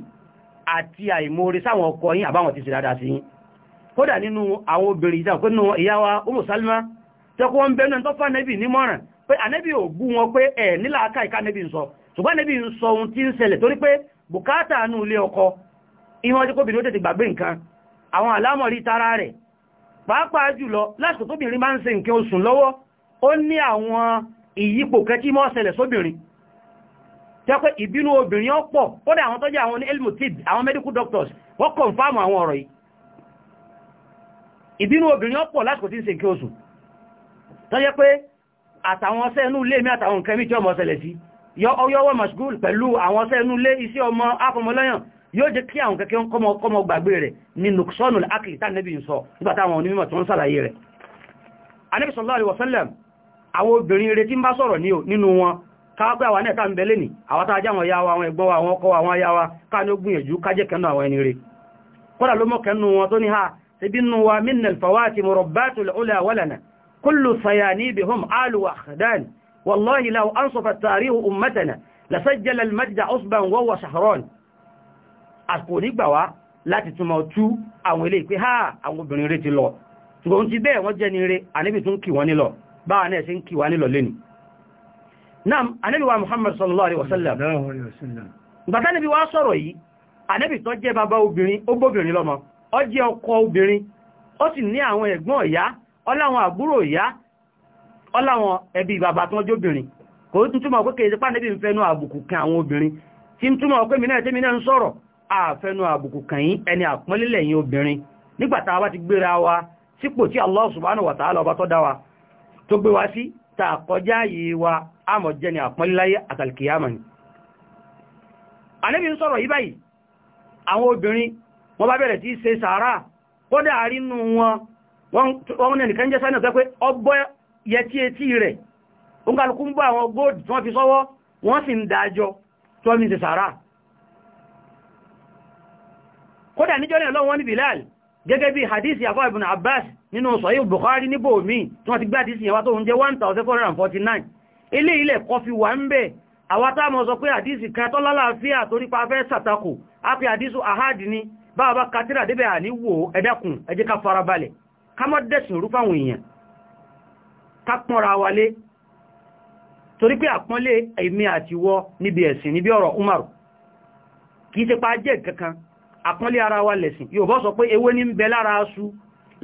àti àìmoore sáwọn ọkọ yín ti ṣùgbọ́n níbi ń sọ ohun tí ń ṣẹlẹ̀ torí pé bùkátà anú ilé ọkọ ìwọ́n tí kóbìnrin ó tètè gbàgbé nǹkan àwọn àlámọ̀rí tara rẹ̀ pàápàá jùlọ lásìkò máa ń ṣe nǹkan oṣù lọ́wọ́ ó ní àwọn ìyípo kẹtí mọ́ ṣẹlẹ̀ sóbìnrin elmotid àwọn medical doctors wọ́n kọ̀nfàmù àwọn ọ̀rọ̀ yìí ìbínú obìnrin ó pọ̀ lásìkò tí ń ṣe nǹkan ọyọ́wọ́ mashgul pẹ̀lú àwọn ọ̀sẹ́ inú lé iṣẹ́ ọmọ afọmọlẹ́yàn yóò jẹ́ kí àwọn kẹ́kẹ́ kọmọ gbàgbé rẹ̀ ní nuksonu akli tánẹ́bí ń sọ nígbàtà àwọn onímọ̀ tó ń sàlàyé rẹ̀ Ànábì sallallahu alaihi wasallam àwọn obìnrin rẹ̀ tí ń bá sọ̀rọ̀ nínú wọn káàkiri àwọn ẹ̀ta ń bẹ̀lẹ̀ ní àwọn tàájá àwọn yáwa àwọn ẹ̀gbọ́n àwọn ọkọ àwọn yáwa káàkiri ó gbìyànjú kájẹ́ alu wa khadani والله لو أنصف التاريخ أمتنا لسجل المجد عصبا وهو شهران àsìkò nígbà wá láti túnmọ̀ tú àwọn ilé ìpé ha àwọn obìnrin rẹ̀ ti lọ ṣùgbọ́n ti bẹ́ẹ̀ wọ́n jẹ́ ní rẹ̀ ànábì tún kì wọ́n nílọ báwọn náà ṣe ń kì wọ́n nílọ lẹ́nu náà ànábì wa Muhammad sallallahu alaihi wasallam bàtà níbi wá sọ̀rọ̀ yìí ànábì tó jẹ́ bàbá obìnrin ó bóbìnrin lọ́mọ ó jẹ́ ọkọ obìnrin ó sì ní àwọn ẹ̀gbọ́n ìyá ọláwọn àbúrò ìyá ọláwọn ẹbí bàbá tó jóbìnrin kò tún túnmọ̀ pé kèèsí pà níbi ìfẹ́nu àbùkù kan àwọn obìnrin tí ń túnmọ̀ pé mìíràn tẹ́mi náà ń sọ̀rọ̀ àfẹ́nu àbùkù kan yí ẹni àpọ́nlélẹ̀ yí obìnrin nígbàtà wá ti gbéra wa sípò tí Allah subhanahu wa ta'ala ọba tó dá wa tó gbé wa sí ta kọjá yìí wa àmọ̀jẹ́ ni àpọ́nléláyé àtàlìkìyàmọ̀ ni àníbi ń sọ̀rọ̀ yí báyìí àwọn obìnrin wọ́n bá bẹ̀rẹ̀ tí ṣe sàárà kódà àrínú wọn wọ́n nẹ̀nìkan jẹ́ sáyẹ̀ pé ọgbọ́ yẹtí etí rẹ̀ oún kálukú ń bá àwọn góòdì tí wọ́n fi sọ́wọ́ wọ́n sì ń dájọ́ tí wọ́n fi ṣe sàárà kódà níjọ́ ní ọlọ́wọ́n ní Bilal gẹ́gẹ́ bí hadisi àfọ́ ibn Abbas nínú Sahih Bukhari níbò mí tí wọ́n ti gbá hadisi yẹn wá tó ń jẹ́ 1449 hadisi kan tọ́lá ni báwa katira débẹ̀ àníwò ẹ̀dẹ́kùn ẹ jẹ́ ká farabalẹ̀ ká mọ́ kápọ́nra wálé torí pé àpọ́nlé èmi àti wọ níbi ẹ̀sìn níbi ọ̀rọ̀ umaru kì í ṣe pa jẹ́ kankan àpọ́nlé ara wa lẹ̀sìn yóò bọ́ sọ pé ewé ní ń bẹ lára aṣu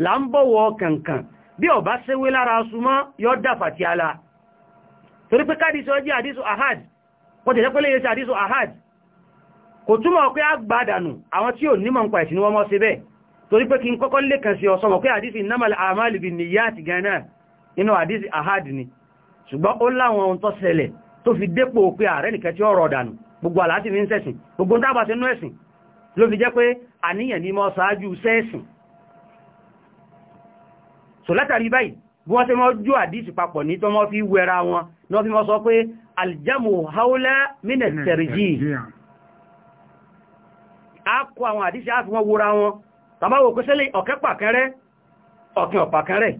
là ń bọ̀wọ̀ kankan bí ọ bá séwé lára aṣu mọ́ yọ dàfà ti ala torí pé káàdì sọ jẹ́ ahad ahad inú àdísì àhádì ni ṣùgbọ́n ó láwọn ohun tó ṣẹlẹ̀ tó fi dépò pé ààrẹ nìkan tí ó rọ̀ dànù gbogbo àlàáfí fi ń sẹ̀sìn gbogbo dábà sínú ẹ̀sìn ló fi jẹ́ pé àníyàn ní mọ́ ṣáájú sẹ́ẹ̀sìn so látàrí báyìí bí wọ́n ṣe mọ́ jú àdísì papọ̀ ní tó mọ́ fi wẹra wọn aljamu haula minetẹrìjì a kó àwọn àdísì á fi wọ́n wúra wọn tàbáwò kó sẹ́lẹ̀ ọ̀kẹ́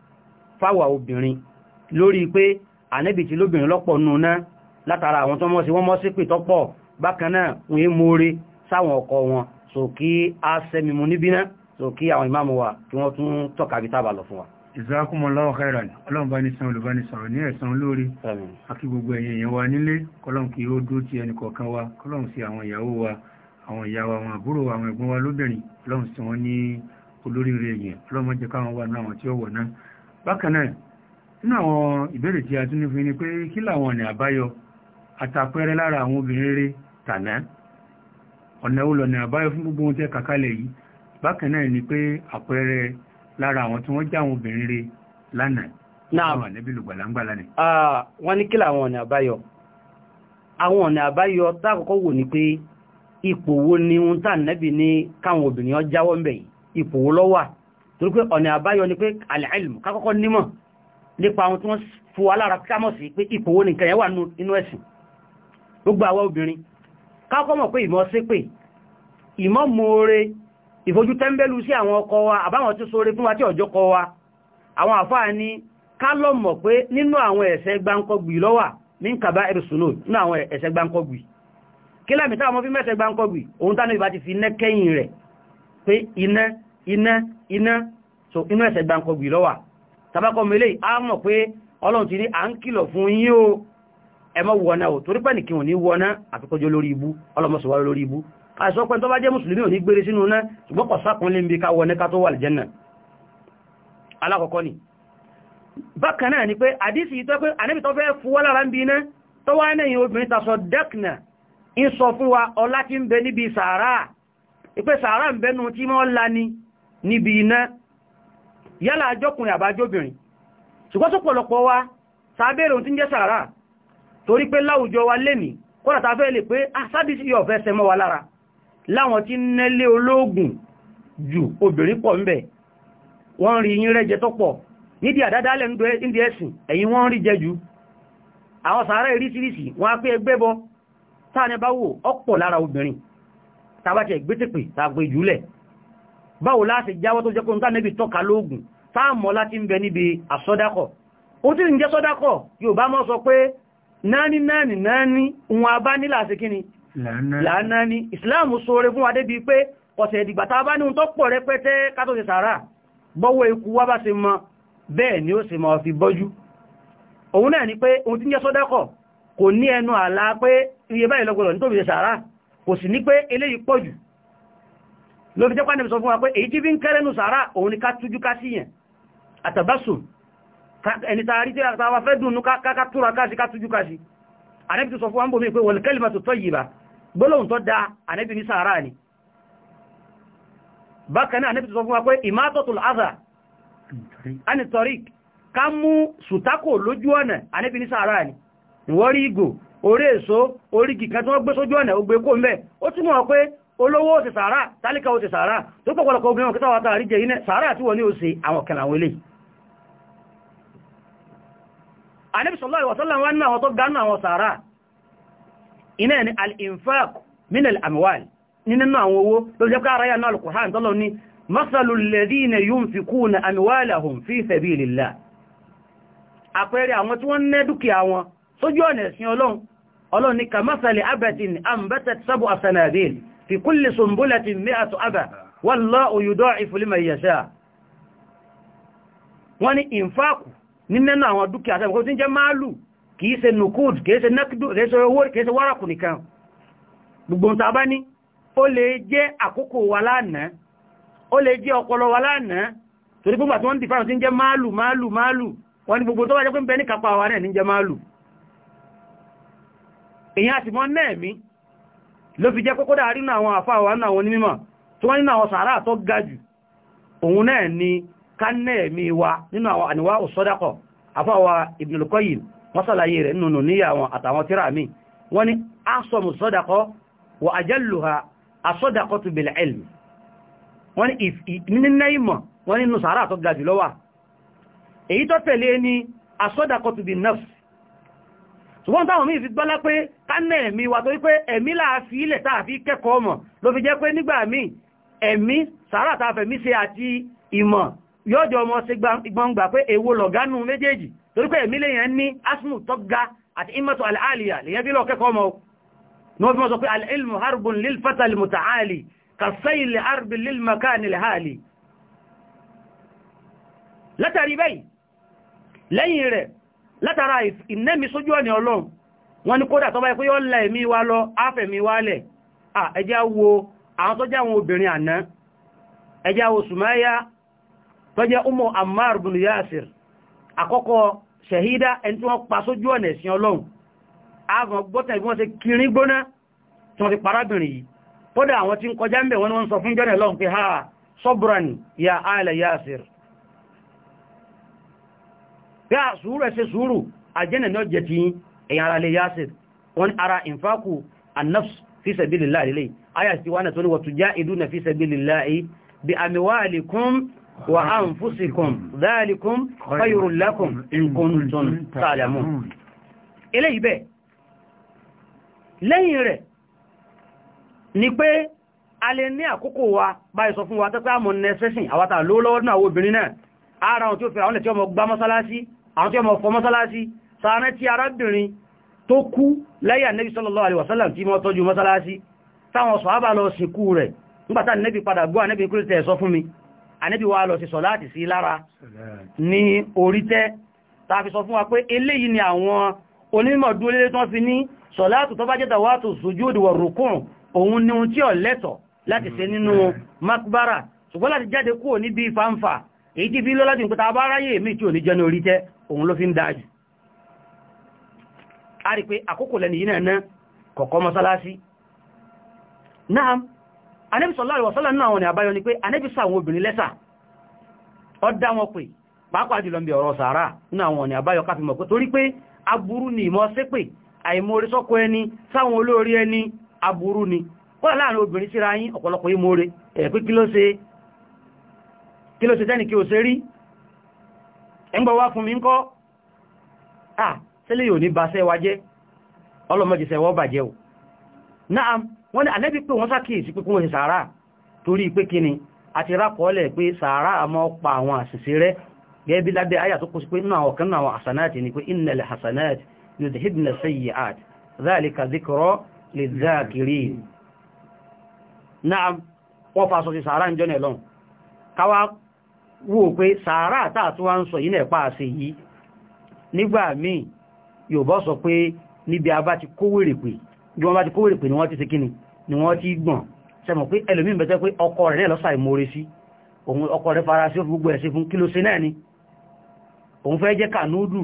fáwà obìnrin lórí pé ànẹ́bì tí lóbìnrin lọ́pọ̀ nù náà látara àwọn tó mọ́ sí wọ́n mọ́ sí pè tọ́pọ̀ bákan náà wọ́n é mórí sáwọn ọkọ wọn so kí a sẹ́mi mú níbí so kí àwọn ìmáàmù wa kí wọ́n tún tọ́ka bí tábà lọ fún wa. Jazakumullahu khairan ọlọ́run bá ní san olùbánisọ̀rọ̀ ní ẹ̀san lórí àti gbogbo ẹ̀yin èèyàn wa nílé kọlọ́run kí ó dúró ti ẹnì kọ̀ọ̀kan wa kọlọ́run sí àwọn ìyàwó wa ìyá wa àwọn àbúrò àwọn ẹ̀gbọ́n wa lóbìnrin kọlọ́run sí wọn ní olóríire èèyàn ọlọ́run jẹ́ káwọn wà náà tí ó wọ̀ náà bákan náà nínú àwọn ìbéèrè tí a tún ní fún ni pé kí làwọn ọ̀nà àbáyọ àtàpẹrẹ lára àwọn obìnrin rere tàná ọ̀nà olọ̀nà àbáyọ fún gbogbo ohun tẹ́ kàkálẹ̀ yìí bákan ni pé àpẹrẹ lára àwọn tí wọ́n já àwọn obìnrin rere lánàá láwọn ànẹ́bí lùgbàláńgbà lánàá. wọ́n ní kí làwọn ọ̀nà àbáyọ àwọn ọ̀nà àbáyọ tákọ̀kọ́ wò ní pé ipò wo ni ohun tànẹ́bì ní káwọn obìnrin ọ jáwọ́ bẹ̀ yìí ipò wo ló wà torí pé ọ̀nà àbáyọ ni pé al-ilm kákọ́kọ́ nímọ̀ nípa àwọn tí wọ́n fún wa lára kámọ̀ sí pé ipò wo nìkan yẹn wà nínú ẹ̀sìn gbogbo àwọn obìnrin kákọ́ mọ̀ pé ìmọ̀ sí pé ìmọ̀ moore ìfojú tẹ́ḿbẹ́lú sí àwọn ọkọ wa àbáwọn tí sóore fún wa tí ọjọ́ kọ wa àwọn àfáà ní ká mọ̀ pé nínú àwọn ẹ̀ṣẹ̀ gbáǹkọ́gbì lọ́wà ní kàbá ẹ̀rùsùnò nínú àwọn ẹ̀ṣẹ̀ gbáǹkọ́gbì kí lámì táwọn fi mẹ́ṣẹ̀ gbáǹkọ́gbì òun tánà ìbá ti fi iná kẹ́yìn rẹ̀ pé iná iná iná so inú ẹ̀sẹ̀ gbàǹkọ̀gbì lọ́wà tabakọ̀ mẹ́lẹ̀ a mọ̀ pé ọlọ́run ti ní à ń kìlọ̀ fún yín o ẹmọ wọ̀ná o torí pẹ́ nìkí wọn ní wọ̀ná àfikọjọ́ lórí ibú ọlọ́mọsọ̀wọ́ lórí ibú àìsọ́ pẹ́ tó bá jẹ́ mùsùlùmí ni bákan náà ni pé àdísì ìtọ́ pé ànẹ́bì tó fẹ́ fúwọ́ lára ń bí iná tó wá náà yìí obìnrin tasọ dẹ́knà ń sọ fún ọlá tí ń bẹ níbi sàárà ìpé sàárà ń bẹnu tí mọ́ la ni níbi iná yálà ajọ́kùnrin àbájọ́bìnrin ṣùgbọ́n tó pọ̀lọpọ̀ wa sàbẹ̀rẹ̀ ohun tí ń jẹ́ sàárà torí pé láwùjọ wa lè ní kọ́nà tàbẹ́ lè pé àsádì ah, sí yọ̀ fẹ́ sẹmọ́ wa lára láwọn tí nẹ́lé olóògùn jù obìnrin pọ̀ ń bẹ wọ́n rí yín rẹ́jẹ tó pọ̀ nídìí àdádálẹ̀ ní ẹ̀sìn ẹ̀yìn wọ́n jù báwo láti jáwọ́ tó jẹ́ kó ń tánẹ́bì tọ́ka lóògùn táàmọ́ láti ń bẹ níbi àsọdákọ̀ ó tí ń jẹ́ sọdákọ̀ yóò bá mọ́ sọ pé náání náání náání wọn bá nílà sí kíni láàání ìsìláàmù sóre fún wa débi pé ọ̀sẹ̀ ìdìgbà tá bá ní ohun tó pọ̀ rẹpẹtẹ kátó ṣe sàárà bọ́wọ́ ikú wá bá ṣe mọ bẹ́ẹ̀ ni ó sì mọ̀ fi bọ́jú òun náà ni pé ohun tí ń jẹ́ sọdákọ̀ kò ní ẹnu àlá pé iye báyìí lọ́gbọ̀lọ̀ nítorí ṣe sàárà kò sì ní pé eléyìí pọ̀jù ló fi jẹ́pá nìbìsọ fún wa pé èyí tí fi ń kẹ́rẹ́ nù sàárà òun ni ká tújú ká sí yẹn àtàbásùn ẹni tààrí tí àtàwà fẹ́ dùn ní ká túra ká sí ká tújú ká sí anẹ́bì sọ fún wa ń bò mí pé wal kalimatu tayyiba gbólóhùn tó da anẹ́bì ní sàárà ni bákan náà anẹ́bì sọ fún wa pé imatatul adha ani tariq ká mú sùtákò lójú ọ̀nà anẹ́bì ní sàárà ni ìwọ́rí ìgò orí èso olówó ti sàárà tálíkà ó ti sàárà tó pọ̀pọ̀lọpọ̀ obìnrin kítà wátà àríjẹ iná sàárà tí wọ́n ní ó ṣe àwọn kẹlà àwọn eléyìí Ànábì sallallahu alaihi wasallam wọ́n náà tó gánà àwọn sàárà iná ni al-infaq min al-amwal nínú àwọn owó ló jẹ́ ká ráyà náà al-Qur'an tọ́lọ ni masalu alladhina yunfikuna amwalahum fi sabilillah àpẹẹrẹ àwọn في كل سنبلة مئة أبا والله يضاعف لمن يشاء wọ́n ní ìfàkù nínú àwọn dúkìá sẹ́mù kó tí ń jẹ máàlù kìí ṣe nukud kìí ṣe nẹ́kìdù kìí ṣe owó kìí ṣe wáràkù nìkan gbogbo ń tàbá ní ó lè jẹ́ àkókò wa lánàá ó lè jẹ́ ọpọlọ wa lánàá torí gbogbo àti wọ́n ti fáwọn tí ń jẹ máàlù máàlù máàlù gbogbo tó bá jẹ́ pé ń bẹ ní wa náà ní jẹ máàlù èyàn àti mọ́ náà mi ló fi jẹ́ kókó dáa nínú àwọn àfáà wa nínú àwọn onímọ̀ tó wọ́n nínú àwọn sàárà tó ga òun náà ni kánẹ̀ẹ̀mí wa nínú àwọn àníwá òsọ́dákọ̀ àfáà wa Ibn al-Qayyim wọ́n sàlàyé rẹ̀ nínú níyà wọn àtàwọn tíra mi wọ́n tu bil ilm wọ́n ni nínú ìmọ̀ wọ́n nínú sàárà tó ni asọ́dákọ̀ tu bin ṣùgbọ́n táwọn míì fi gbọ́lá pé kánà ẹ̀mí wà tó wípé ẹ̀mí láàfi ilẹ̀ tààfi kẹ́kọ̀ọ́ mọ̀ ló fi jẹ́ pé nígbà míì ẹ̀mí sàárà tààfẹ̀mí ṣe àti ìmọ̀ yọ́jọ ọmọ ṣe gbọ́ngbà pé èwo lọ̀gánú méjèèjì torí pé ẹ̀mí lèyàn ní asmu tọ́gá àti imatu al'aliya lèyàn bí lọ kẹ́kọ̀ọ́ mọ́ ní wọ́n fi mọ́ sọ pé al'ilmu harbun lil fatal lẹ́yìn rẹ̀ látara ìnẹ́mi sójú ọ̀nà ọlọ́run wọn ni kódà tó bá ikú yóò lẹ́ ẹ̀mí wa lọ áfẹ̀mí wa lẹ̀ ẹ jẹ́ wo àwọn tó àwọn obìnrin àná ẹ wo Sùmáyà tó jẹ́ Ummu bin Yasir àkọ́kọ́ ṣẹ̀hídá ẹni tí wọ́n pa sójú ọ̀nà ẹ̀sìn ọlọ́run àwọn gbọ́tẹ̀ bí wọ́n ti kìrín gbóná tí wọ́n ti ya ala Yasir pé à ah, sùúrù ẹ̀ṣẹ́ sùúrù àjẹ́nà náà jẹ ti ẹ̀yàn ara lè yásir wọ́n ni ara ìfákù annafs fi sabilillah lè ayà sí wánà tó ní wọ̀tù já ìdú na fi sabilillah bi amwalikum wa anfusikum dhalikum khayrun lakum in kuntum ta'lamun eléyìí bẹ́ẹ̀ lẹ́yìn rẹ̀ ni pé a ara wọn tí ó fẹ́ àwọn lẹ́tí ọmọ gbá mọ́sálásí àwọn tí ó mọ̀ fọ mọ́sálásí sáàrẹ́ tí arábìnrin tó kú lẹ́yìn ànẹ́bí sallallahu alaihi wasallam tí mọ́ tọ́jú mọ́sálásí táwọn sọ̀hábà lọ sìnkú rẹ̀ nígbàtà ànẹ́bí padà gbọ́ ànẹ́bí kúrìtẹ̀ ẹ̀sọ́ fún mi ànẹ́bí wa lọ sí sọ láti sí lára ní orítẹ́ ta sọ fún wa pé eléyìí ni àwọn onímọ̀ dúró lélé tán fi ní sọ̀látù tó bá jẹ́ta wá tó sujúdù wà rùkún òun ni ohun tí ó makbara ṣùgbọ́n láti jáde kúrò níbi fanfa èyí tí fi lọ́lájú nǹkan tàbá ráyè mí tí ò òun ló fi ń dájú a rí pé àkókò lẹ́ni yìí náà kọ̀kọ́ mọ́sálásí náà anẹ́bí sọ̀láàrí wọ̀sọ́lá ni àbáyọ ni pé anẹ́bí sàwọn obìnrin lẹ́sà ọ dá wọn pè pàápàá jùlọ bí ọ̀rọ̀ sàárà náà wọn ni àbáyọ káfí ni ìmọ̀ láàrin obìnrin síra ọ̀pọ̀lọpọ̀ ẹ̀ pé kí ló kí o ẹgbọ́ wá fún mi ń kọ́ à sílé yóò ní bá sẹ́wà jẹ́ ọlọ́mọjẹsẹ̀ wọ́n bàjẹ́ o náà wọ́n ní ànẹ́bí pé wọ́n sákìí sí pé kún sàárà torí pé kí ni àti rákọọ́lẹ̀ pé sàárà àmọ́ pa àwọn asanati lábẹ́ tó ni wò pé sàárà àtàtù wá ń sọ yìí nẹ̀pá àṣẹ yìí nígbà míì Yorùbá sọ pé níbi abá ti kówèrè pé bí wọ́n bá ti kówèrè pé ni wọ́n ti ṣe kíni ni wọ́n ti gbọ̀n sẹ́mọ̀ pé ẹlòmí bẹ̀tẹ́ pé ọkọ rẹ̀ lọ́sà ìmóre sí òun ọkọ rẹ̀ fara sí ó fi gbogbo ẹ̀ sí fún kí ló ṣe náà ni òun fẹ́ jẹ́ kànúdù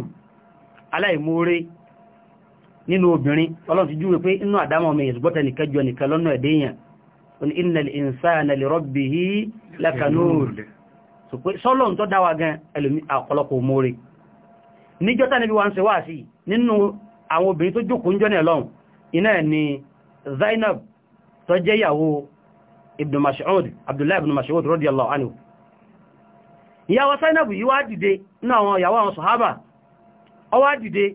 aláìmóre nínú obìnrin ọlọ́run ti júwe pé inú àdámọ̀ mi ìsùgbọ́tẹ̀ nìkẹjọ nìkẹ lọ́nà ẹ̀dẹ́yàn inna al-insana li rabbihi lakanud sọ́lọ̀ tó dáwà gan ẹlòmí ọ̀pọ̀lọpọ̀ mórí níjọ́ tánibí wa ń ṣe wá sí nínú àwọn obìnrin tó jókòó ń jọ́ ní iná ẹ̀ ni Zainab tó jẹ́ ìyàwó Ibn Mas'ud Abdullahi Ibn Mas'ud radiyallahu anhu ìyàwó Zainab yíwá dìde ní àwọn ìyàwó àwọn sọ̀hábà ọ wá dìde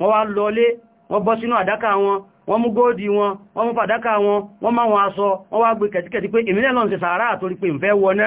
wọ́n wá lọlé wọ́n bọ́ sínú àdákà wọn wọ́n mú góòdì wọn wọ́n mú fàdákà wọn wọ́n máa wọn aṣọ wọ́n wá gbé kẹ̀tíkẹ̀tí pé èmi náà lọ́n sàárà torí pé ń fẹ́ wọná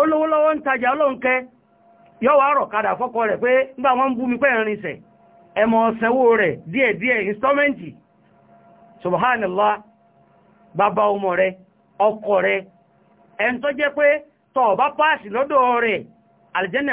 olówó lọ́wọ́ ń tajà ọlọ́nkẹ́ yọ́wọ́ àrọ̀ kadà fọ́kọ rẹ̀ pé nígbà wọ́n ń bú mi pẹ́ ìrìnsẹ̀ ẹmọ ọ̀sẹ̀wó rẹ̀ díẹ̀díẹ̀ instọ́mẹ́ntì subhanallah bàbá ọmọ ọkọ rẹ̀ ẹn tó jẹ́ pé tọ́ bá lọ́dọ̀ rẹ̀ alìjẹ́nà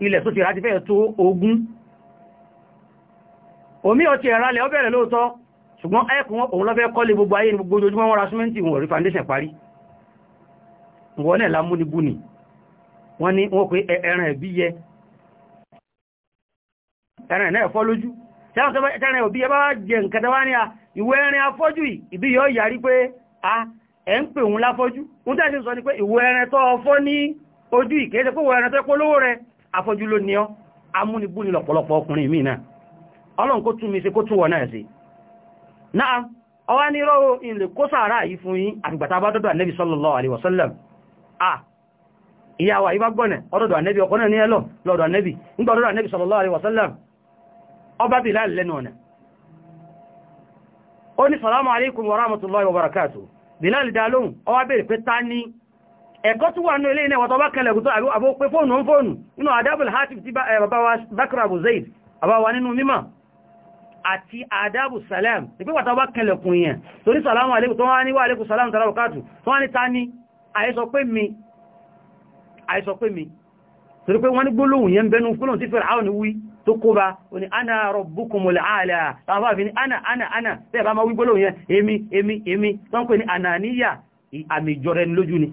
ilẹ̀ tó ti rà ti fẹ́ tó ogún omi ọ̀tí ẹ̀rálẹ̀ ó bẹ̀rẹ̀ lóòtọ́ ṣùgbọ́n ẹkùn òun lọ́fẹ́ kọ́lé gbogbo ayé ní gbogbo ojúmọ́ wọ́n ra súnmẹ́ntì wọ́n rí foundation parí wọ́n náà lámúnibú ni wọ́n ní wọ́n pé ẹran ẹ̀bí yẹ ẹran ẹ̀nà ẹ̀fọ́ lójú tẹ́rẹ òbí yẹ bá jẹ nǹkan tẹ́wá ní a ìwé ẹran afọ́jú ìbí yọ yàrí pé a ẹ̀ ń pè òun láfọ́jú ń tẹ́ afọ́jú ló ní ọ́ amúnibú ni lọ̀pọ̀lọpọ̀ ọkùnrin mi náà ọlọ́run kó tún mi ṣe kó tún wọ̀ náà sí náà ọwá ní rọ́rọ̀ ilẹ̀ kó sàárà yìí fún yín àgbàtà bá dọ́dọ̀ ànẹ́bì sallallahu sallallahu alaihi wasallam ọba salamu alaikum ẹ̀kọ́ tí wà ní ilé iná wọ́tọ̀ bá kẹlẹ̀ gùtọ́ àbó pé fóònù ń fóònù nínú àdábùl hatif tí eh, bàbá wa Bakr Abu Zaid àbáwa nínú mímọ̀ àti àdábù salam ní pé wàtà bá kẹlẹ̀ kùn yẹn torí salamu alaikum tó wá ní wà alaikum salam tara bukatu tó wá ní ta ní àìsọ pé mi àìsọ pé mi ana rabbukumul aala tàbí àfi ana ana ana tẹ́ẹ̀ bá ma wí gbólóhùn yẹn èmi èmi èmi tó ń pè ní ànàníyà àmì ìjọrẹ lójú ni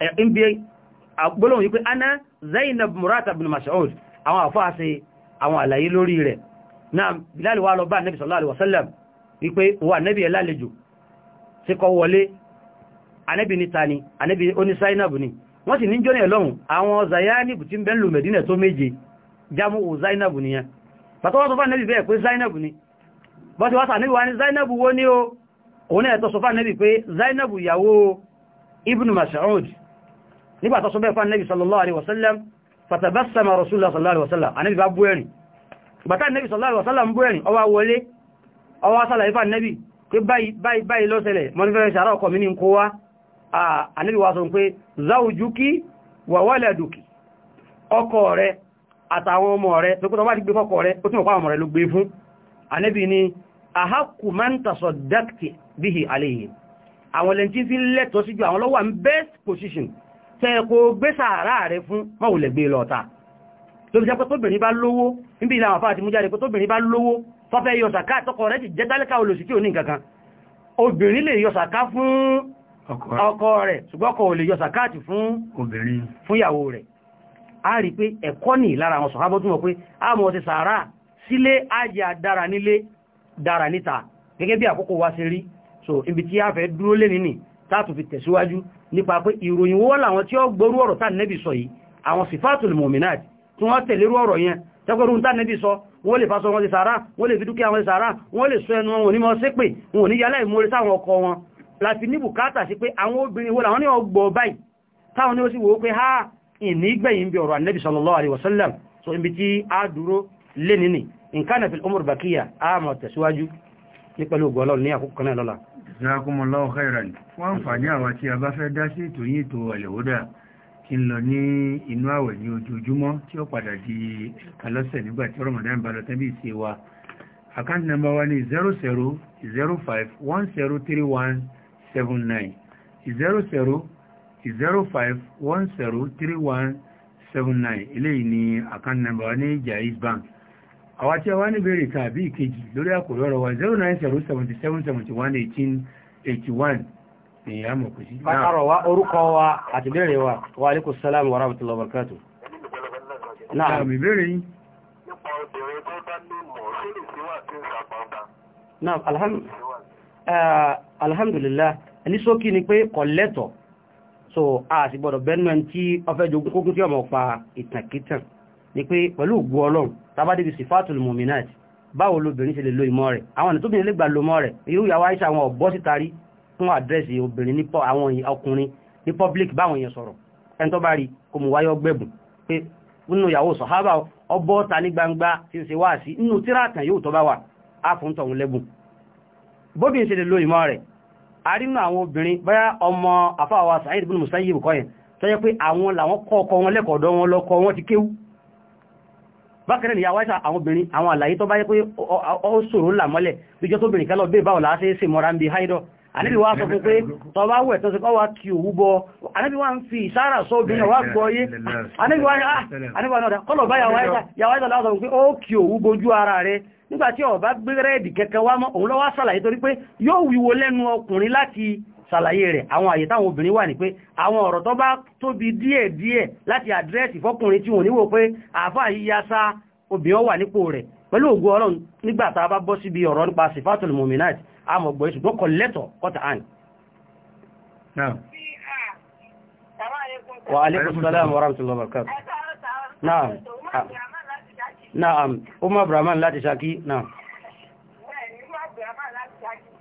Eh, ibi gbólóhùn yìí pé aná Zainab Murata bin Mas'ud àwọn àfáà ṣe àwọn àlàyé lórí rẹ̀ náà Bilal wá lọ bá nẹ́bì sallallahu alaihi wasallam wípé wà nẹ́bì ẹ̀ lálejò sí kọ wọlé anẹ́bì ní ta ni anẹ́bì oní Zainab ni wọ́n sì ní jọ́nà ẹ̀lọ́hùn àwọn Medina tó méje jámù ò Zainab nìyẹn pàtọ́wọ́ tó bá nẹ́bì bẹ́ẹ̀ pé Zainab ni bọ́ ti wá sà nẹ́bì wá ní Zainab wó ní nígbà tó sọ bẹ́ẹ̀ fún Nabi sallallahu alaihi wasallam fatabassama Rasulullah sallallahu alaihi wasallam Ànábì bá bú ẹ̀rín bàtà Nabi sallallahu alaihi wasallam bú ẹ̀rín ó wá wọlé ó wá sálàyé fún Nabi pé báyìí báyìí ló ṣẹlẹ̀ mọ́nífẹ́rẹ́ ṣàrá ọkọ̀ mi ní kó wá Ànábì wá sọ pé zawjuki wa waladuki ọkọ rẹ àtàwọn ọmọ rẹ tó kó tó bá ti gbé fọ́kọ rẹ ó tún ọ̀pá ọmọ rẹ ló gbé fún fi lẹ́tọ̀ọ́ síjú àwọn ló wà best position tẹ́ẹ̀kọ́ gbé sàárà rẹ̀ fún mọ́wùlẹ̀ gbé lọ́ta tó fi jẹ́ pé tóbìnrin bá lówó níbi ìlànà àfáà ti tóbìnrin bá lówó tọ́fẹ́ yọ sàká tọ́kọ rẹ̀ jẹ́ tálíkà olùsí tí obìnrin lè yọ sàká fún rẹ̀ ṣùgbọ́n fún obìnrin fún ìyàwó a rí pé ẹ̀kọ́ ní lára pé a mọ̀ ti sàárà sílé ajé àdára nílé dára níta gẹ́gẹ́ bí wa rí so ibi tí a fẹ́ dúró tààtù fi tẹ̀síwájú nípa pé ìròyìn wọ́n làwọn tí ó gbọ́rú ọ̀rọ̀ tá nẹ́bì sọ yìí àwọn sifatul mu'minat tí wọ́n tẹ̀lérú ọ̀rọ̀ yẹn tẹ́gbẹ̀rú tá nẹ́bì sọ wọ́n lè fásọ wọn ti sàárá wọ́n lè fi dúkìá wọn sàárá wọ́n lè sọ ẹnu wọn ní mọ́ sí pé wọn ní yálẹ̀ ìmúrí sáwọn ọkọ wọn láti ní bùkátà sí pé àwọn obìnrin wo làwọn ní ọgbọ̀ báyìí táwọn ní ó sì wò pé ha ìní gbẹ̀yìn bí ọ̀rọ̀ annabi sallallahu alaihi wasallam so ibi tí a dúró lé nìní nǹkan nàfil umar bakiya a mọ̀ tẹ̀síwájú ní pẹ̀lú ògbọ́lọ́ ní àkókò náà lọ́la fún àǹfààní àwọn tí a bá fẹ́ dá sí ètò yìí ètò àlèwódà tí ń lọ ní inú àwẹ̀ ní ojoojúmọ́ tí ó padà di ẹ̀ka lọ́sẹ̀ nígbà tí Ramadan bá lọ tán bí ìṣe wa account number wa five one zero three one seven nine eléyìí ni account number wa ní Jaiz Bank àwọn tí a wá ní bèèrè kan àbí ìkejì lórí àkòrí ọ̀rọ̀ wa one èèyàn mọ̀ pé sí. bákàrọ̀ wa orúkọ wa àti ìbéèrè wa wa aleykum salaam wa rahmatullahi wa barakatuh. náà mi béèrè yín. náà eh, alhamdulillah ní ṣókí ni pé kọ̀lẹ́tọ̀ so a sì gbọ́dọ̀ bẹ́nu ẹni tí ọfẹ́ jogun kókún tí ọmọ pa ìtànkítàn ni pé pẹ̀lú ògbó ọlọ́run tàbádìbì sifatul mu'minat báwo lobìnrin ṣe lè lo ìmọ̀ rẹ̀ àwọn ọ̀nà tóbìnrin lè gbà lo mọ́ rẹ̀ irú ìyàwó àìṣà àwọn ọ̀bọ́ síta rí fún àdírẹ́sì obìnrin nípọ̀ àwọn ọkùnrin ní public báwọn èèyàn sọ̀rọ̀ ẹni tó bá rí kò mú wáyọ́ gbẹ̀bùn pé nínú ìyàwó sọ̀hábà ọbọ̀ ta ní gbangba tí ń ṣe wá sí nínú tíráàtàn yóò tọ́ bá wà á fún tọ̀hún lẹ́bùn bóbi ń ṣe lè lo ìmọ̀ rẹ̀ a rí nínú àwọn obìnrin bóyá ọmọ afáwa Sa'id bin Musayyib kọ́ yẹn tó yẹ pé àwọn làwọn kọ́ ọkọ wọn lẹ́kọ̀ọ́ ọ̀dọ́ wọn lọ́kọ wọn ti kéwú bákan náà ìyàwó àìsà àwọn obìnrin àwọn àlàyé tó bá yẹ pé ó ṣòro là mọ́lẹ̀ tóbìnrin kẹ́lọ́ bẹ́ẹ̀ báwọn làá ṣe é ṣe mọ́ra ń bi háìdọ̀ àníbí wá sọ fún pé tọba wẹ̀ tó sì kọ́ wá kí òwú bọ́ àníbí wá ń fi ìsára sọ obìnrin wá gbọ́ yé àníbí wá náà kọ́lọ̀ bá yàwó ìdà láwọ́ sọ pé ó kí òwú bojú ara rẹ̀ nígbàtí ọba gbẹ́rẹ́ẹ̀dì kẹ́kẹ́ wá mọ́ òun lọ́wọ́ sàlàyé torí pé yóò wíwo lẹ́nu ọkùnrin láti sàlàyé rẹ̀ àwọn àyè táwọn obìnrin wà ní pé àwọn ọ̀rọ̀ tó bá tóbi díẹ̀ díẹ̀ láti àdírẹ́sì fọ́kùnrin tí wọ́n níwò pé àáfà yíyasa obìnrin wà nípò rẹ̀ pẹ̀lú ògùn ọlọ́run nígbà tá a bá bọ́ síbi ọ̀rọ̀ nípa sifatul muminat àmọ̀ gbọ́ ṣùgbọ́n kọ lẹ́tọ̀ kọta àn wa alaikum salam wa rahmatullahi wa barakatuh naam naam umar abrahman láti ṣakí naam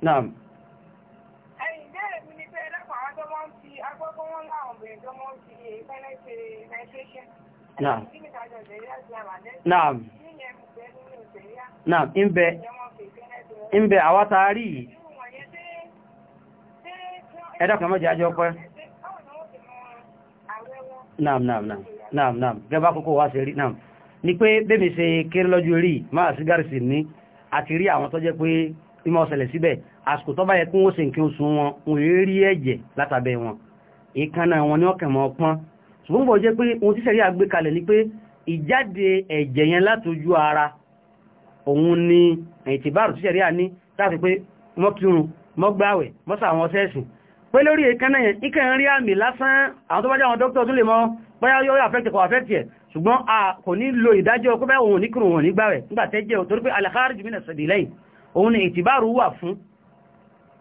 naam Naam. Naam. Naam, ń bẹ ń bẹ àwátàárí yìí ẹ̀dọ́kàn mọ́jẹ́ ajọ́ pẹ́ naam naam naam naam naam gẹba kókó wá sí rí naam ni pé bẹ́mi ṣe kéré lọ́jú rí máa sí gárísì ní àti rí àwọn tó jẹ́ pé ìmọ̀ ọ̀sẹ̀lẹ̀ síbẹ̀ àsìkò tó bá yẹ kún ó sì kí oṣù wọn wọn rí ẹ̀jẹ̀ látàbẹ̀ wọn ìkànnà wọn ni ọkàn ọpọ́n ṣùgbọ́n bọ̀ jẹ́ pé ohun tíṣẹ̀rí àgbékalẹ̀ ni pé ìjáde ẹ̀jẹ̀ yẹn látojú ara òun ni ìtìbáàrù tí ṣẹ̀ríà ní láti pé mọ́ kírun mọ́ gbáwẹ̀ mọ́ sàwọn ọ̀sẹ́ẹ̀sìn pé lórí ìkánná yẹn ìkẹ́ rí àmì lásán àwọn tó bá a kò ní lo ìdájọ́ pé bá òun ní kírun òun ní gbáwẹ̀ nígbà tẹ́ jẹ́ torí pé al-kharij min as-sabilayn òun ni ìtìbáàrù wà fún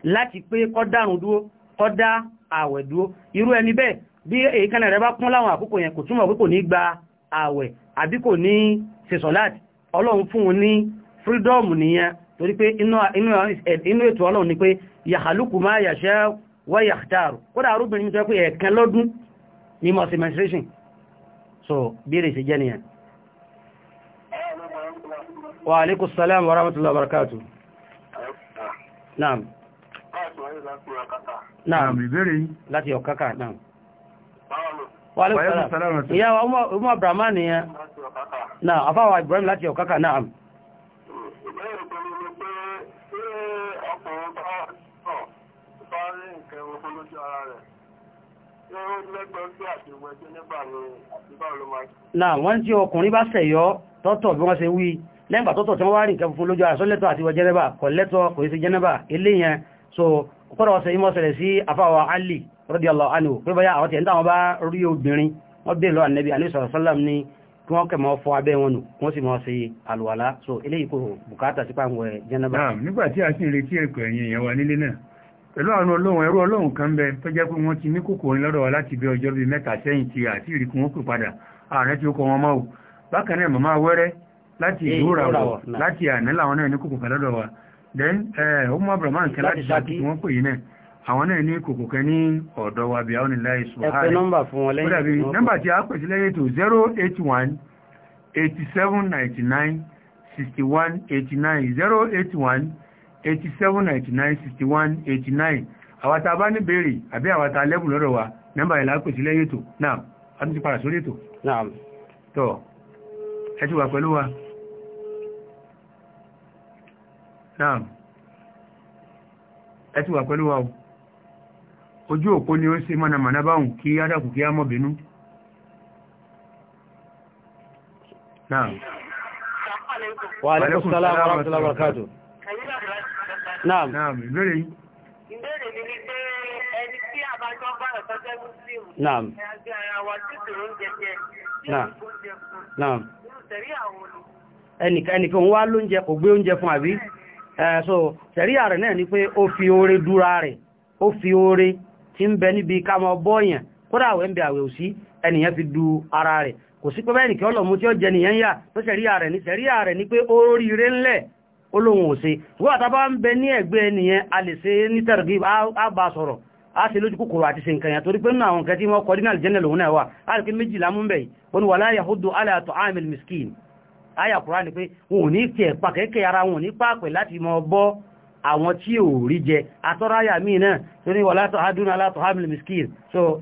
láti pé kó dárun dúó kó dá àwẹ̀ dúó irú bí èékánná rẹ̀ bá kún láwọn àkókò yẹn kò túmọ̀ pé ní gba àwẹ̀ àbí ní ṣe ọlọ́run fún un ní freedom nìyẹn torí pé inú ètò ọlọ́run ni pé yàhálùkù máa yàṣẹ́ wáyàtàrù kódà arúbìnrin tó pé ẹ̀ẹ̀kan lọ́dún ní mọ̀sí menstruation so bèèrè sí jẹ́ nìyẹn wa alaikum salam wa rahmatullahi wa barakatuh naam naam ìbéèrè láti ọ̀kákà naam ìyá wa ọmọ abraman nìyẹn náà afáwà ibrahim láti ọ̀kákà náà náà wọ́n tí ọkùnrin bá sẹ̀yọ́ tọ́tọ̀ bí wọ́n ṣe wí lẹ́gbà tọ́tọ̀ tí wọ́n wá rí nǹkan fún lójú ara sọ́lẹ́tọ̀ àti wọ́n jẹ́nẹ́bà kọ̀lẹ́tọ̀ kò yí sí jẹ́nẹ́bà eléyẹn so kọ́rọ̀ ọ̀sẹ̀ yí mọ́ ṣẹlẹ̀ sí afáwà alì radiyallahu anhu pé báyá àwọn tẹ̀yìn táwọn bá rí obìnrin wọ́n bèèrè lọ́wọ́ ànẹ́bí àníṣọ̀rọ̀ sọ́lọ́m ní kí wọ́n kẹ̀ mọ́ fọ abẹ́ wọn nù wọ́n sì mọ́ sí àlùwàlá so eléyìí kò bùkátà sí pàǹwẹ̀ jẹ́nàbà. nígbà tí a sì ń retí ẹ̀kọ́ ẹ̀yìn èèyàn wa nílé náà pẹ̀lú àwọn ọlọ́run ẹrú ọlọ́run kan bẹ tó jẹ́ pé wọ́n ti ní kòkòrin lọ́dọ̀ wa láti bí ọjọ́ bíi mẹ́ta sẹ́yìn ti àti ìrìkú wọn pè padà ààrẹ tí ó kọ wọn mọ́ ò bákan náà màmá wẹ́rẹ́ láti ìlú ràwọ̀ láti àná làwọn náà ní kòkòrin lọ́dọ̀ wa then ọmọ eh, umm abrahamu kẹ láti sáà tí wọ́n pè yìí náà àwọn náà ní kòkò kan ní ọ̀dọ̀ wa bí àwọn ìlà ìṣòhárì ẹ̀pẹ́ nọ́mbà fún wọn lẹ́yìn ìdàbí nọ́mbà tí a pè sí lẹ́yìn ètò 081 8799 6189 081 8799 6189 àwàta bá ní béèrè àbí àwàta lẹ́bùn lọ́dọ̀ wa nọ́mbà ìlà pè sí lẹ́yìn ètò náà a ti padà sórí ètò tọ́ ẹ ti wà pẹ̀lú wa náà ẹ wà pẹ̀lú wa o ojú òpó ni ó sí mọ́nàmọ́ná báhùn kí ádàkù kí á mọ́ bínú náà wà alẹ́kùn sálàmù ọ̀rọ̀ ọ̀rọ̀kátò náà ìbẹ̀rẹ̀ yìí ìbẹ̀rẹ̀ ni wípé ẹni tí àbájọ́ bá ọ̀tọ́jẹ́ muslim náà ẹgbẹ́ ara wa tí tòrò ń jẹjẹ náà ẹnìkan wá lóúnjẹ kò gbé oúnjẹ fún àbí ẹ̀ẹ́sọ̀ eh, tẹ̀rí ààrẹ náà ni pé ó fi oore dúra rẹ̀ ó fi oore tí ń bẹ níbi ká mọ bọ́ọ̀yàn kódà àwẹ̀ ń bẹ àwẹ̀ òsí ẹnìyàn fi du ara rẹ̀ kò sí pé bẹ́ẹ̀nì kí ọlọ́mú tí ó jẹ nìyàn yà tó sẹ̀ríyà rẹ̀ ní sẹ̀ríyà rẹ̀ ní pé ó rí rẹ̀ ńlẹ̀ olóhun òsè wọ́n àtàbá ń bẹ ní ẹ̀gbẹ́ ẹnìyàn a lè ṣe ní tẹ̀rẹ̀bí àbá sọ̀rọ̀ a ṣe lójú kòkòrò àti ṣìnkàn yà torí pé nínú àwọn nǹkan tí wọ́n kọ́ dínà àlìjẹ́nà lòun náà wà láti pé méjìlá mú miskin aya kùrá ni pé wọn ò ní tiẹ̀ pàkẹ́kẹ́ wọn ò ní pàpẹ́ àwọn tí ò rí jẹ àtọ́ráyà míì náà torí wà látọ̀ adúnà látọ̀ hamlin miskin so